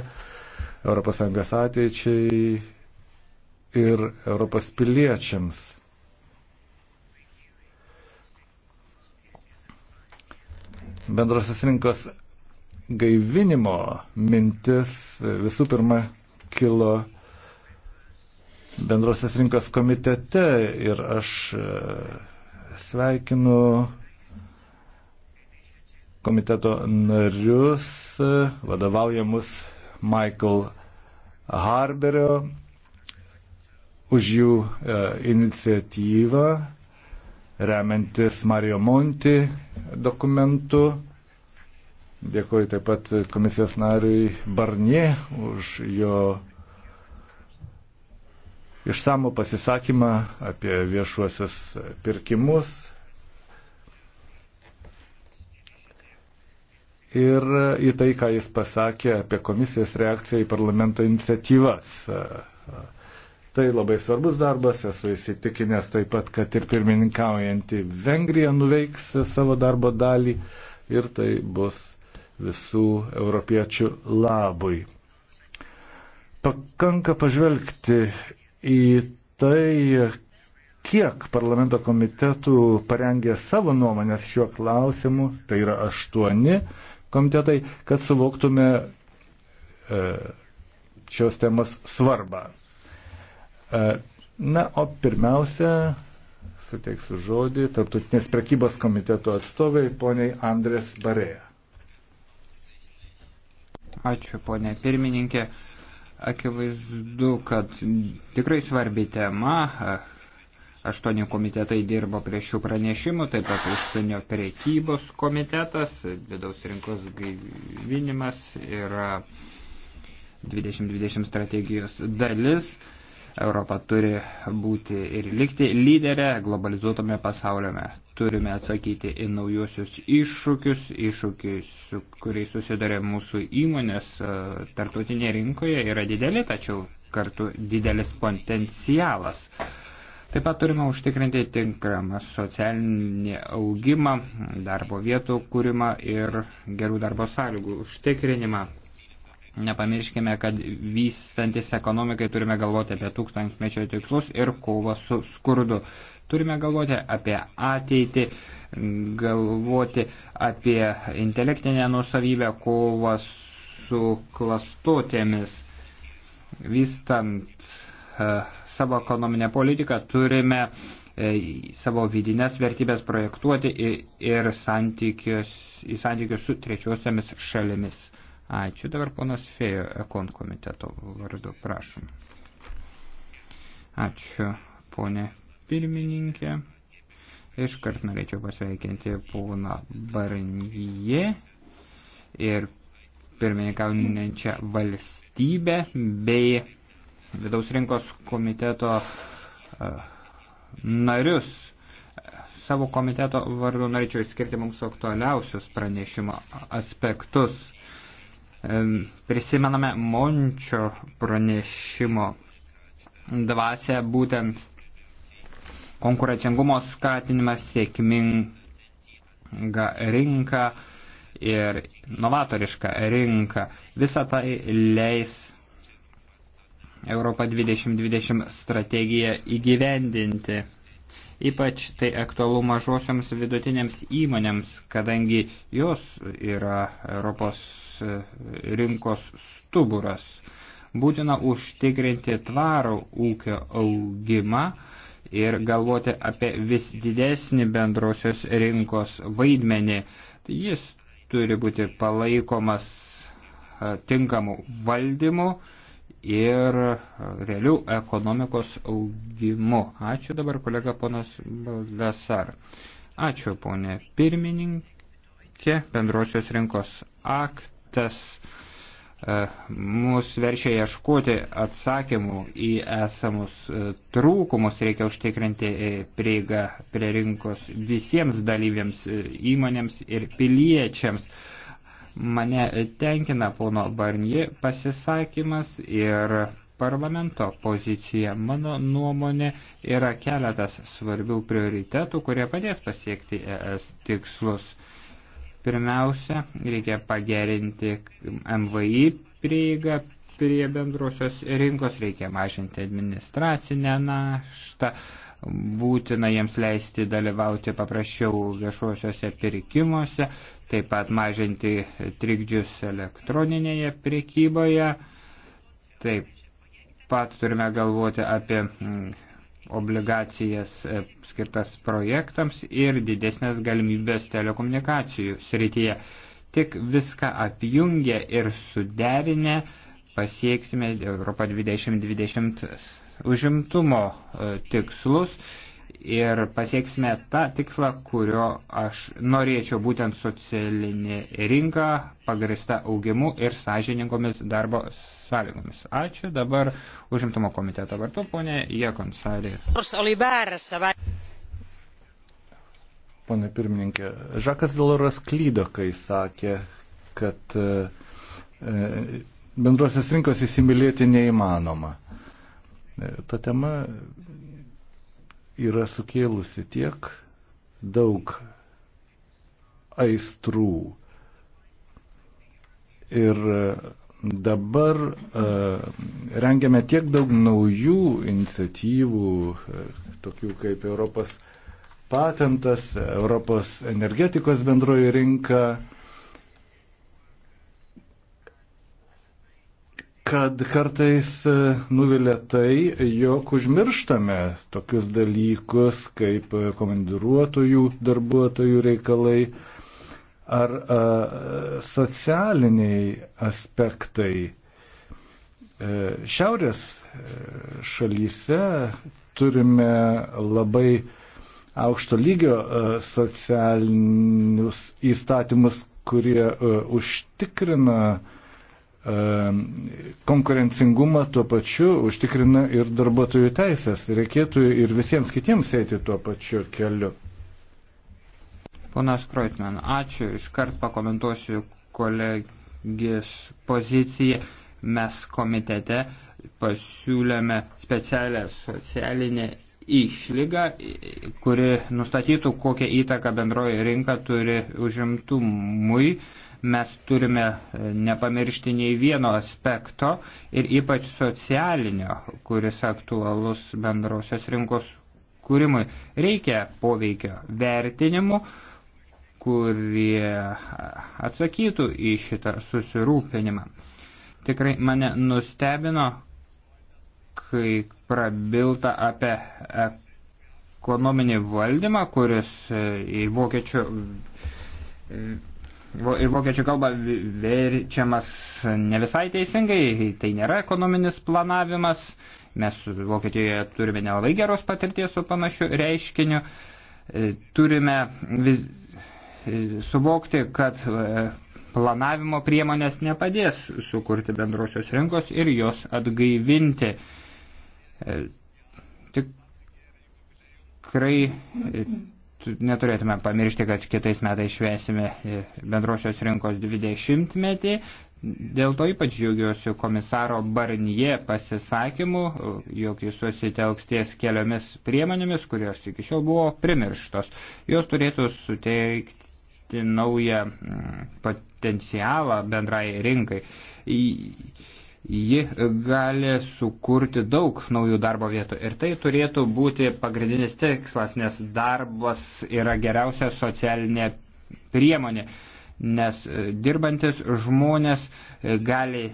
ES ateičiai ir Europos piliečiams. Bendrosios rinkos gaivinimo mintis visų pirma kilo bendrosios rinkos komitete ir aš e, sveikinu komiteto narius, e, vadovaujamus Michael Harberio už jų e, iniciatyvą remiantis Mario Monti dokumentu Dėkuoju taip pat komisijos nariui Barnie už jo išsamų pasisakymą apie viešuosius pirkimus. ir į tai, ką jis pasakė apie komisijos reakciją į parlamento iniciatyvas. Tai labai svarbus darbas, esu įsitikinęs taip pat, kad ir pirmininkaujanti Vengrija nuveiks savo darbo dalį ir tai bus visų europiečių labui. Pakanka pažvelgti į tai, kiek parlamento komitetų parengė savo nuomonės šiuo klausimu, tai yra aštuoni komitetai, kad suvoktume e, šios temos svarbą. E, na, o pirmiausia, suteiksiu žodį Tarptautinės prekybos komiteto atstovai poniai Andrės Barėja. Ačiū, ponė pirmininkė. Akivaizdu, kad tikrai svarbi tema. Aštuoni komitetai dirbo prie šių pranešimų, taip pat užsienio priekybos komitetas, vidaus rinkos gaivinimas yra 2020 strategijos dalis. Europa turi būti ir likti lyderę globalizuotame pasauliame turime atsakyti į naujosius iššūkius, iššūkius, su kuriais susidarė mūsų įmonės e, tarptautinėje rinkoje yra dideli, tačiau kartu didelis potencialas. Taip pat turime užtikrinti tinkamą socialinį augimą, darbo vietų kūrimą ir gerų darbo sąlygų užtikrinimą. Nepamirškime, kad vystantis ekonomikai turime galvoti apie tūkstantmečio tikslus ir kovą su skurdu. Turime galvoti apie ateitį, galvoti apie intelektinę nusavybę, kovą su klastotėmis. Vystant e, savo ekonominę politiką turime e, savo vidinės vertybės projektuoti ir santykius, į santykius su trečiosiamis šalimis. Ačiū dabar ponas Fejo Ekon komiteto vardu, prašom. Ačiū, ponė pirmininkė. Iškart norėčiau pasveikinti pūną Barnyje ir pirmininkaujančią valstybę bei vidaus rinkos komiteto e, narius. Savo komiteto vardu norėčiau išskirti mums aktualiausius pranešimo aspektus. E, prisimename Mončio pranešimo dvasę būtent konkurencingumo skatinimas, sėkminga rinka ir novatoriška rinka. Visą tai leis Europa 2020 strategiją įgyvendinti. Ypač tai aktualu mažosioms vidutinėms įmonėms, kadangi jos yra Europos e, rinkos stuburas. Būtina užtikrinti tvarų ūkio augimą, ir galvoti apie vis didesnį bendrosios rinkos vaidmenį. Tai jis turi būti palaikomas e, tinkamų valdymų ir e, realių ekonomikos augimu. Ačiū dabar kolega ponas Baldasar. Ačiū ponė pirmininkė, bendrosios rinkos aktas E, mus verčia ieškoti atsakymų į esamus e, trūkumus, reikia užtikrinti e, prieigą prie rinkos visiems dalyviams, įmonėms ir piliečiams. Mane tenkina pono Barnie pasisakymas ir parlamento pozicija. Mano nuomonė yra keletas svarbių prioritetų, kurie padės pasiekti ES tikslus. Pirmiausia, reikia pagerinti MVI prieigą prie bendrosios rinkos, reikia mažinti administracinę naštą, būtina jiems leisti dalyvauti paprasčiau viešuosiuose pirkimuose, taip pat mažinti trikdžius elektroninėje priekyboje, taip pat turime galvoti apie mm, obligacijas e, skirtas projektams ir didesnės galimybės telekomunikacijų srityje. Tik viską apjungę ir suderinę pasieksime Europą 2020 užimtumo e, tikslus ir pasieksime tą tikslą, kurio aš norėčiau būtent socialinė rinka pagrista augimu ir sąžiningomis darbo sąlygomis. Ačiū dabar užimtumo komiteto vartu, ponė Jekonsarė. Pone pirmininkė, Žakas Deloras klydo, kai sakė, kad e, e, bendrosios rinkos įsimylėti neįmanoma. E, ta tema yra sukėlusi tiek daug aistrų. Ir dabar e, rengiame tiek daug naujų iniciatyvų, e, tokių kaip Europos patentas, Europos energetikos bendroji rinka, kad kartais e, nuvilia tai, jog užmirštame tokius dalykus kaip komandiruotojų darbuotojų reikalai, ar a, e, socialiniai aspektai. E, šiaurės e, šalyse turime labai aukšto lygio socialinius įstatymus, kurie užtikrina konkurencingumą tuo pačiu, užtikrina ir darbuotojų teisės. Reikėtų ir visiems kitiems eiti tuo pačiu keliu. Ponas Kroitman, ačiū, iškart pakomentuosiu kolegės poziciją. Mes komitete pasiūlėme specialią socialinę išlygą, kuri nustatytų, kokią įtaką bendroji rinka turi užimtumui. Mes turime e, nepamiršti nei vieno aspekto ir ypač socialinio, kuris aktualus bendrosios rinkos kūrimui. Reikia poveikio vertinimu kurie atsakytų į šitą susirūpinimą. Tikrai mane nustebino, kai prabilta apie ekonominį valdymą, kuris į vokiečių, į vokiečių kalbą verčiamas ne visai teisingai, tai nėra ekonominis planavimas, mes Vokietijoje turime nelabai geros patirties su panašiu reiškiniu, turime vis, suvokti, kad e, planavimo priemonės nepadės sukurti bendrosios rinkos ir jos atgaivinti. E, tikrai e, neturėtume pamiršti, kad kitais metais švesime bendrosios rinkos 20 metį. Dėl to ypač džiaugiuosi komisaro Barnie pasisakymu, jog jis susitelks ties keliomis priemonėmis, kurios iki šiol buvo primirštos. Jos turėtų suteikti atverti naują mm, potencialą bendrai rinkai. Ji gali sukurti daug naujų darbo vietų ir tai turėtų būti pagrindinis tikslas, nes darbas yra geriausia socialinė priemonė, nes e, dirbantis žmonės e, gali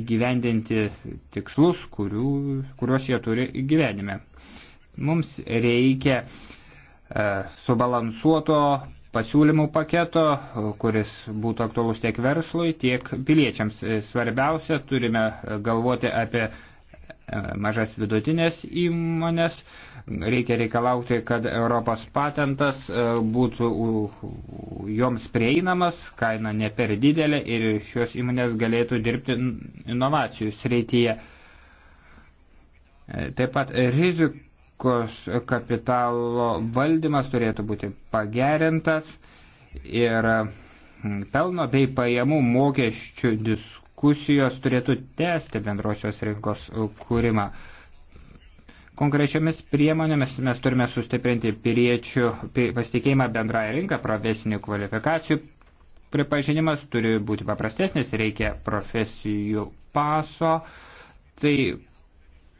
įgyvendinti tikslus, kurių, kuriuos jie turi gyvenime. Mums reikia E, subalansuoto pasiūlymų paketo, kuris būtų aktualus tiek verslui, tiek piliečiams. E, svarbiausia, turime galvoti apie e, mažas vidutinės įmonės. Reikia reikalauti, kad Europos patentas būtų joms prieinamas, kaina ne per didelė ir šios įmonės galėtų dirbti inovacijų srityje. Taip pat rizik, rinkos kapitalo valdymas turėtų būti pagerintas ir mm, pelno bei pajamų mokesčių diskusijos turėtų tęsti bendrosios rinkos kūrimą. Konkrečiomis priemonėmis mes turime sustiprinti piriečių pasitikėjimą bendrąją rinką, profesinių kvalifikacijų pripažinimas turi būti paprastesnis, reikia profesijų paso, tai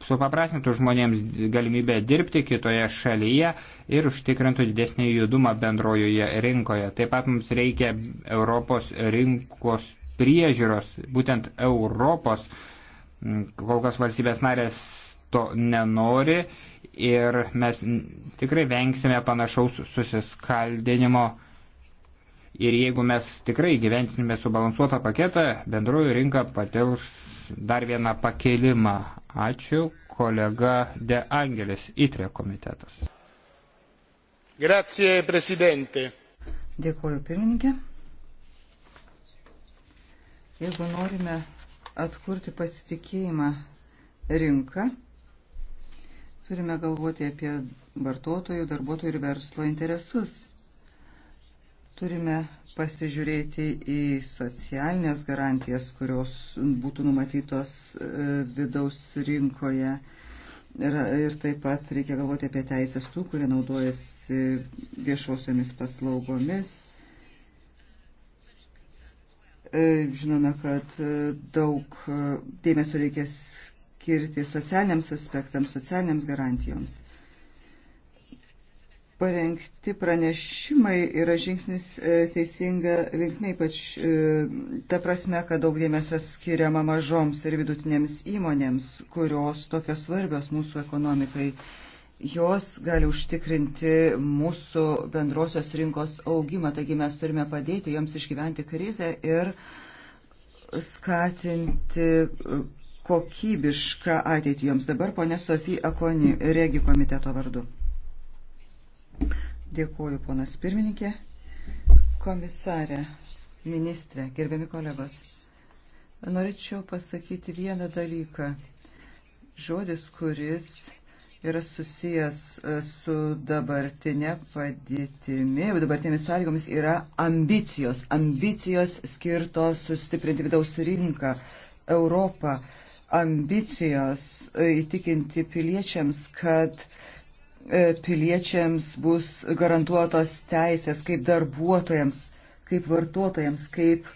supaprastintų žmonėms galimybę dirbti kitoje šalyje ir užtikrintų didesnį judumą bendrojoje rinkoje. Taip pat mums reikia Europos rinkos priežiūros, būtent Europos, mm, kol kas valstybės narės to nenori ir mes tikrai vengsime panašaus susiskaldinimo. Ir jeigu mes tikrai gyvensime subalansuotą paketą, bendroji rinka patils dar vieną pakelimą. Ačiū kolega De Angelis, ITRE komitetas. Grazie, prezidente. Dėkuoju, pirmininkė. Jeigu norime atkurti pasitikėjimą rinką, turime galvoti apie vartotojų, darbuotojų ir verslo interesus. Turime pasižiūrėti į socialinės garantijas, kurios būtų numatytos e, vidaus rinkoje. Ir, ir taip pat reikia galvoti apie teisės tų, kurie naudojasi viešosiomis paslaugomis. E, žinome, kad e, daug dėmesio reikia skirti socialiniams aspektams, socialiniams garantijoms parengti pranešimai yra žingsnis e, teisinga linkme, ypač e, ta prasme, kad daug dėmesio skiriama mažoms ir vidutinėms įmonėms, kurios tokios svarbios mūsų ekonomikai. Jos gali užtikrinti mūsų bendrosios rinkos augimą, taigi mes turime padėti joms išgyventi krizę ir skatinti e, kokybišką ateitį joms. Dabar ponė Sofija Akoni, regi komiteto vardu. Dėkuoju, ponas pirmininkė. Komisarė, ministrė, gerbiami kolegos, norėčiau pasakyti vieną dalyką. Žodis, kuris yra susijęs e, su dabartinė padėtimi, dabartinėmis sąlygomis yra ambicijos. Ambicijos skirtos sustiprinti vidaus rinką, Europą. Ambicijos e, įtikinti piliečiams, kad uh, E, piliečiams bus garantuotos teisės, kaip darbuotojams, kaip vartotojams, kaip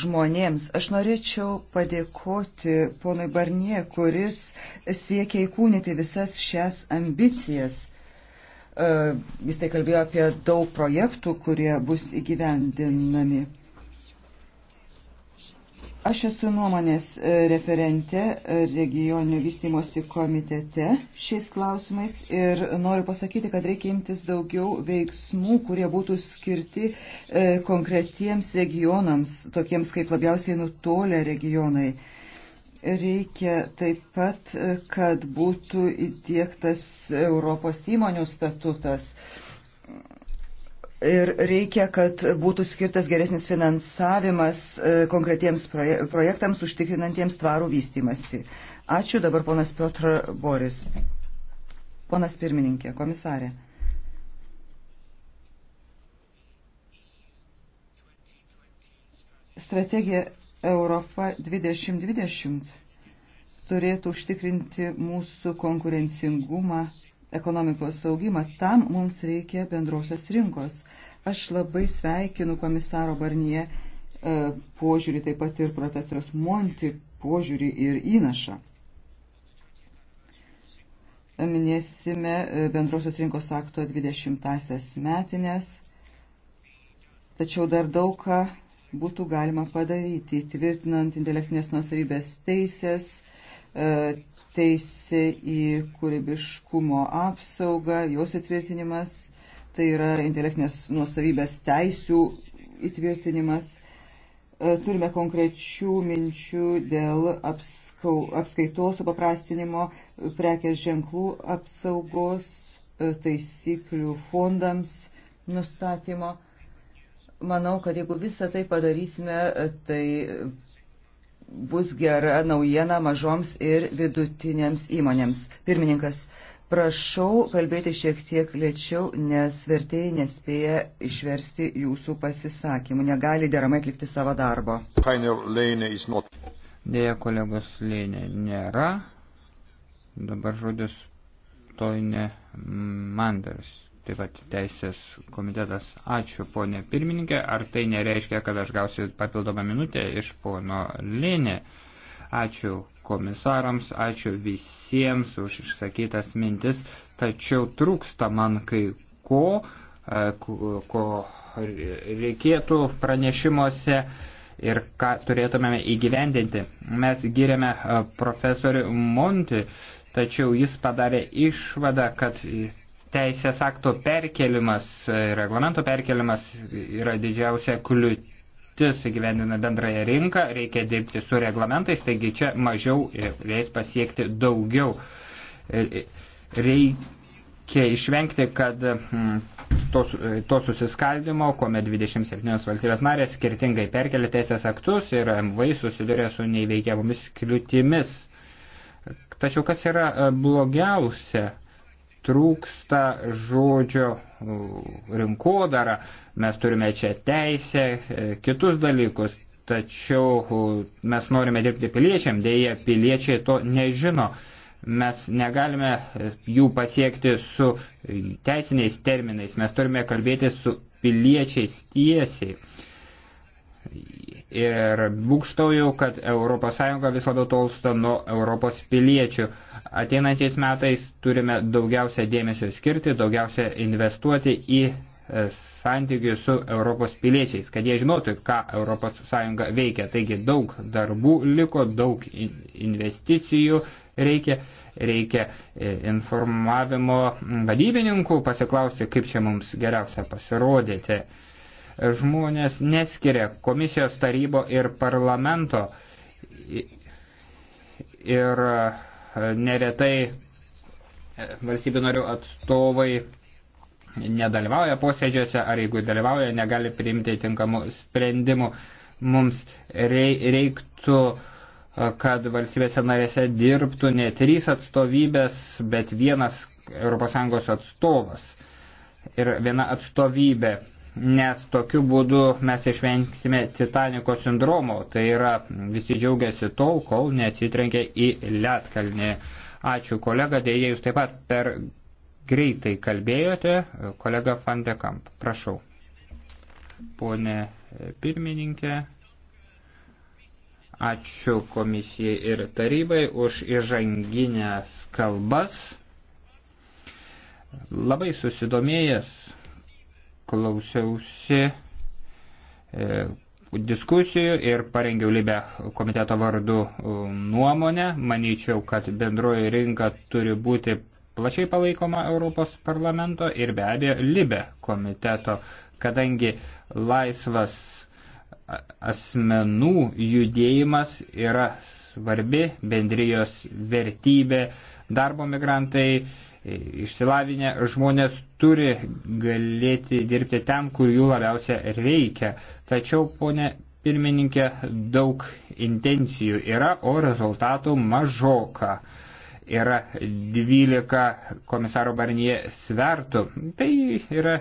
žmonėms. Aš norėčiau padėkoti ponui Barnie, kuris siekia įkūnyti visas šias ambicijas. E, jis tai kalbėjo apie daug projektų, kurie bus įgyvendinami. Aš esu nuomonės e, referente regioninio vystymosi komitete šiais klausimais ir noriu pasakyti, kad reikia imtis daugiau veiksmų, kurie būtų skirti e, konkretiems regionams, tokiems kaip labiausiai nutolę regionai. Reikia taip pat, e, kad būtų įdėktas Europos įmonių statutas Ir reikia, kad būtų skirtas geresnis finansavimas e, konkretiems projektams užtikrinantiems tvarų vystimasi. Ačiū dabar ponas Piotr Boris. Ponas pirmininkė, komisarė. Strategija Europa 2020 turėtų užtikrinti mūsų konkurencingumą, ekonomikos saugimą. Tam mums reikia bendrosios rinkos. Aš labai sveikinu komisaro Barnie e, požiūrį, taip pat ir profesorius Monti požiūrį ir įnašą. Minėsime e, bendrosios rinkos akto 20-asias metinės, tačiau dar daug ką būtų galima padaryti, tvirtinant intelektinės nusavybės teisės, e, teisė į kūrybiškumo apsaugą, jos įtvirtinimas tai yra intelektinės nuosavybės teisių įtvirtinimas. E, turime konkrečių minčių dėl apskau, apskaitos supaprastinimo, prekės ženklų apsaugos, e, taisyklių fondams nustatymo manau, kad jeigu visą tai padarysime, e, tai bus gera naujiena mažoms ir vidutinėms įmonėms. Pirmininkas, prašau kalbėti šiek tiek lėčiau, nes vertėjai nespėja išversti jūsų pasisakymų, negali deramai atlikti savo darbo. Dėja, kolegos Lėnė nėra. Dabar žodis Toine Manders taip pat teisės komitetas. Ačiū, ponė pirmininkė. Ar tai nereiškia, kad aš gausiu papildomą minutę iš pono Linė? Ačiū komisarams, ačiū visiems už išsakytas mintis, tačiau trūksta man kai ko, e, ko reikėtų pranešimuose ir ką turėtumėme įgyvendinti. Mes giriame e, profesorių Monti, tačiau jis padarė išvadą, kad teisės akto perkelimas, e, reglamento perkelimas yra didžiausia kliūtis įgyvendina bendrąją rinką, reikia dirbti su reglamentais, taigi čia mažiau leis pasiekti daugiau. E, e, reikia išvengti, kad mm, to, to susiskaldimo, kuomet 27 valstybės narės skirtingai perkelia teisės aktus ir MVI susiduria su neįveikiamomis kliūtimis. Tačiau kas yra blogiausia? trūksta žodžio rinkodara, mes turime čia teisę, e, kitus dalykus, tačiau e, mes norime dirbti piliečiam, dėja piliečiai to nežino. Mes negalime e, jų pasiekti su teisiniais terminais, mes turime kalbėti su piliečiais tiesiai ir būkštauju, kad ES vis labiau tolsta nuo Europos piliečių. Ateinančiais metais turime daugiausia dėmesio skirti, daugiausia investuoti į e, santykių su Europos piliečiais, kad jie žinotų, ką ES veikia. Taigi daug darbų liko, daug investicijų reikia, reikia e, informavimo vadybininkų, pasiklausti, kaip čia mums geriausia pasirodyti žmonės neskiria komisijos tarybo ir parlamento. Ir e, neretai e, valstybių narių atstovai nedalyvauja posėdžiuose ar jeigu dalyvauja negali priimti tinkamų sprendimų. Mums reiktų, e, kad valstybėse narėse dirbtų ne trys atstovybės, bet vienas ES atstovas ir viena atstovybė nes tokiu būdu mes išvengsime Titaniko sindromo. Tai yra visi džiaugiasi tol, kol neatsitrenkia į ledkalnį. Ačiū kolega, dėja jūs taip pat per greitai kalbėjote. Kolega Fandekamp, prašau. Pone pirmininkė, ačiū komisijai ir tarybai už įžanginės kalbas. Labai susidomėjęs klausiausi e, diskusijų ir parengiau Libę komiteto vardu e, nuomonę. Manyčiau, kad bendroji rinka turi būti plačiai palaikoma Europos parlamento ir be abejo Libė komiteto, kadangi laisvas asmenų judėjimas yra svarbi bendrijos vertybė, darbo migrantai, išsilavinę žmonės turi galėti dirbti ten, kur jų labiausia reikia. Tačiau, ponė pirmininkė, daug intencijų yra, o rezultatų mažoka. Yra 12 komisaro Barnie svertų. Tai yra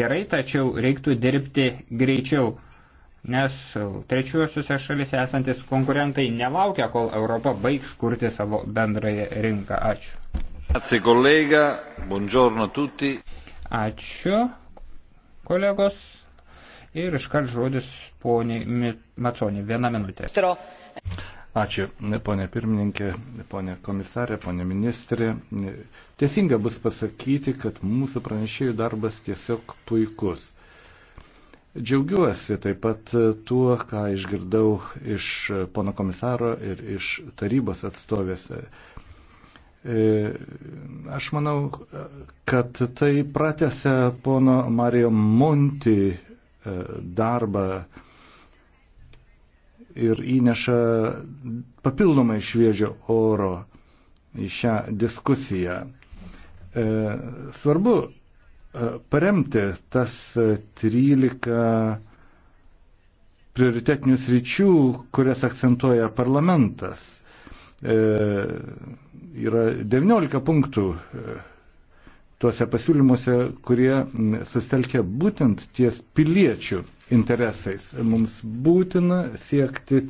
gerai, tačiau reiktų dirbti greičiau nes trečiuosiuose šalise esantis konkurentai nelaukia, kol Europa baigs kurti savo bendrąją rinką. Ačiū. Grazie, kolega. Buongiorno tutti. Ačiū, kolegos. Ir iškart žodis poniai Maconi. Viena minutė. Ačiū, ponė pirmininkė, ponė komisarė, ponė ministrė. Tiesinga bus pasakyti, kad mūsų pranešėjų darbas tiesiog puikus. Džiaugiuosi taip pat tuo, ką išgirdau iš pono komisaro ir iš tarybos atstovės E, aš manau, kad tai pratęsia pono Mario Monti e, darbą ir įneša papildomai šviežio oro į šią diskusiją. E, svarbu paremti tas 13 prioritetinių sričių, kurias akcentuoja parlamentas. E, yra 19 punktų e, tuose pasiūlymuose, kurie sustelkia būtent ties piliečių interesais. Mums būtina siekti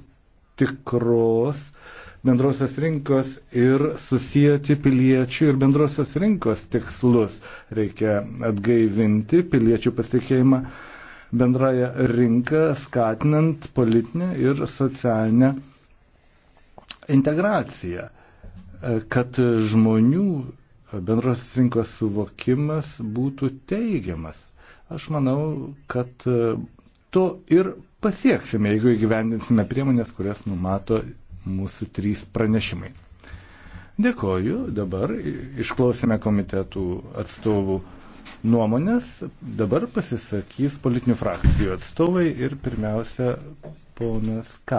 tikros bendrosios rinkos ir susijęti piliečių ir bendrosios rinkos tikslus. Reikia atgaivinti piliečių pasitikėjimą bendrąją rinką, skatinant politinę ir socialinę integracija, kad žmonių bendros rinkos suvokimas būtų teigiamas. Aš manau, kad to ir pasieksime, jeigu įgyvendinsime priemonės, kurias numato mūsų trys pranešimai. Dėkoju, dabar išklausime komitetų atstovų nuomonės, dabar pasisakys politinių frakcijų atstovai ir pirmiausia, ponas K.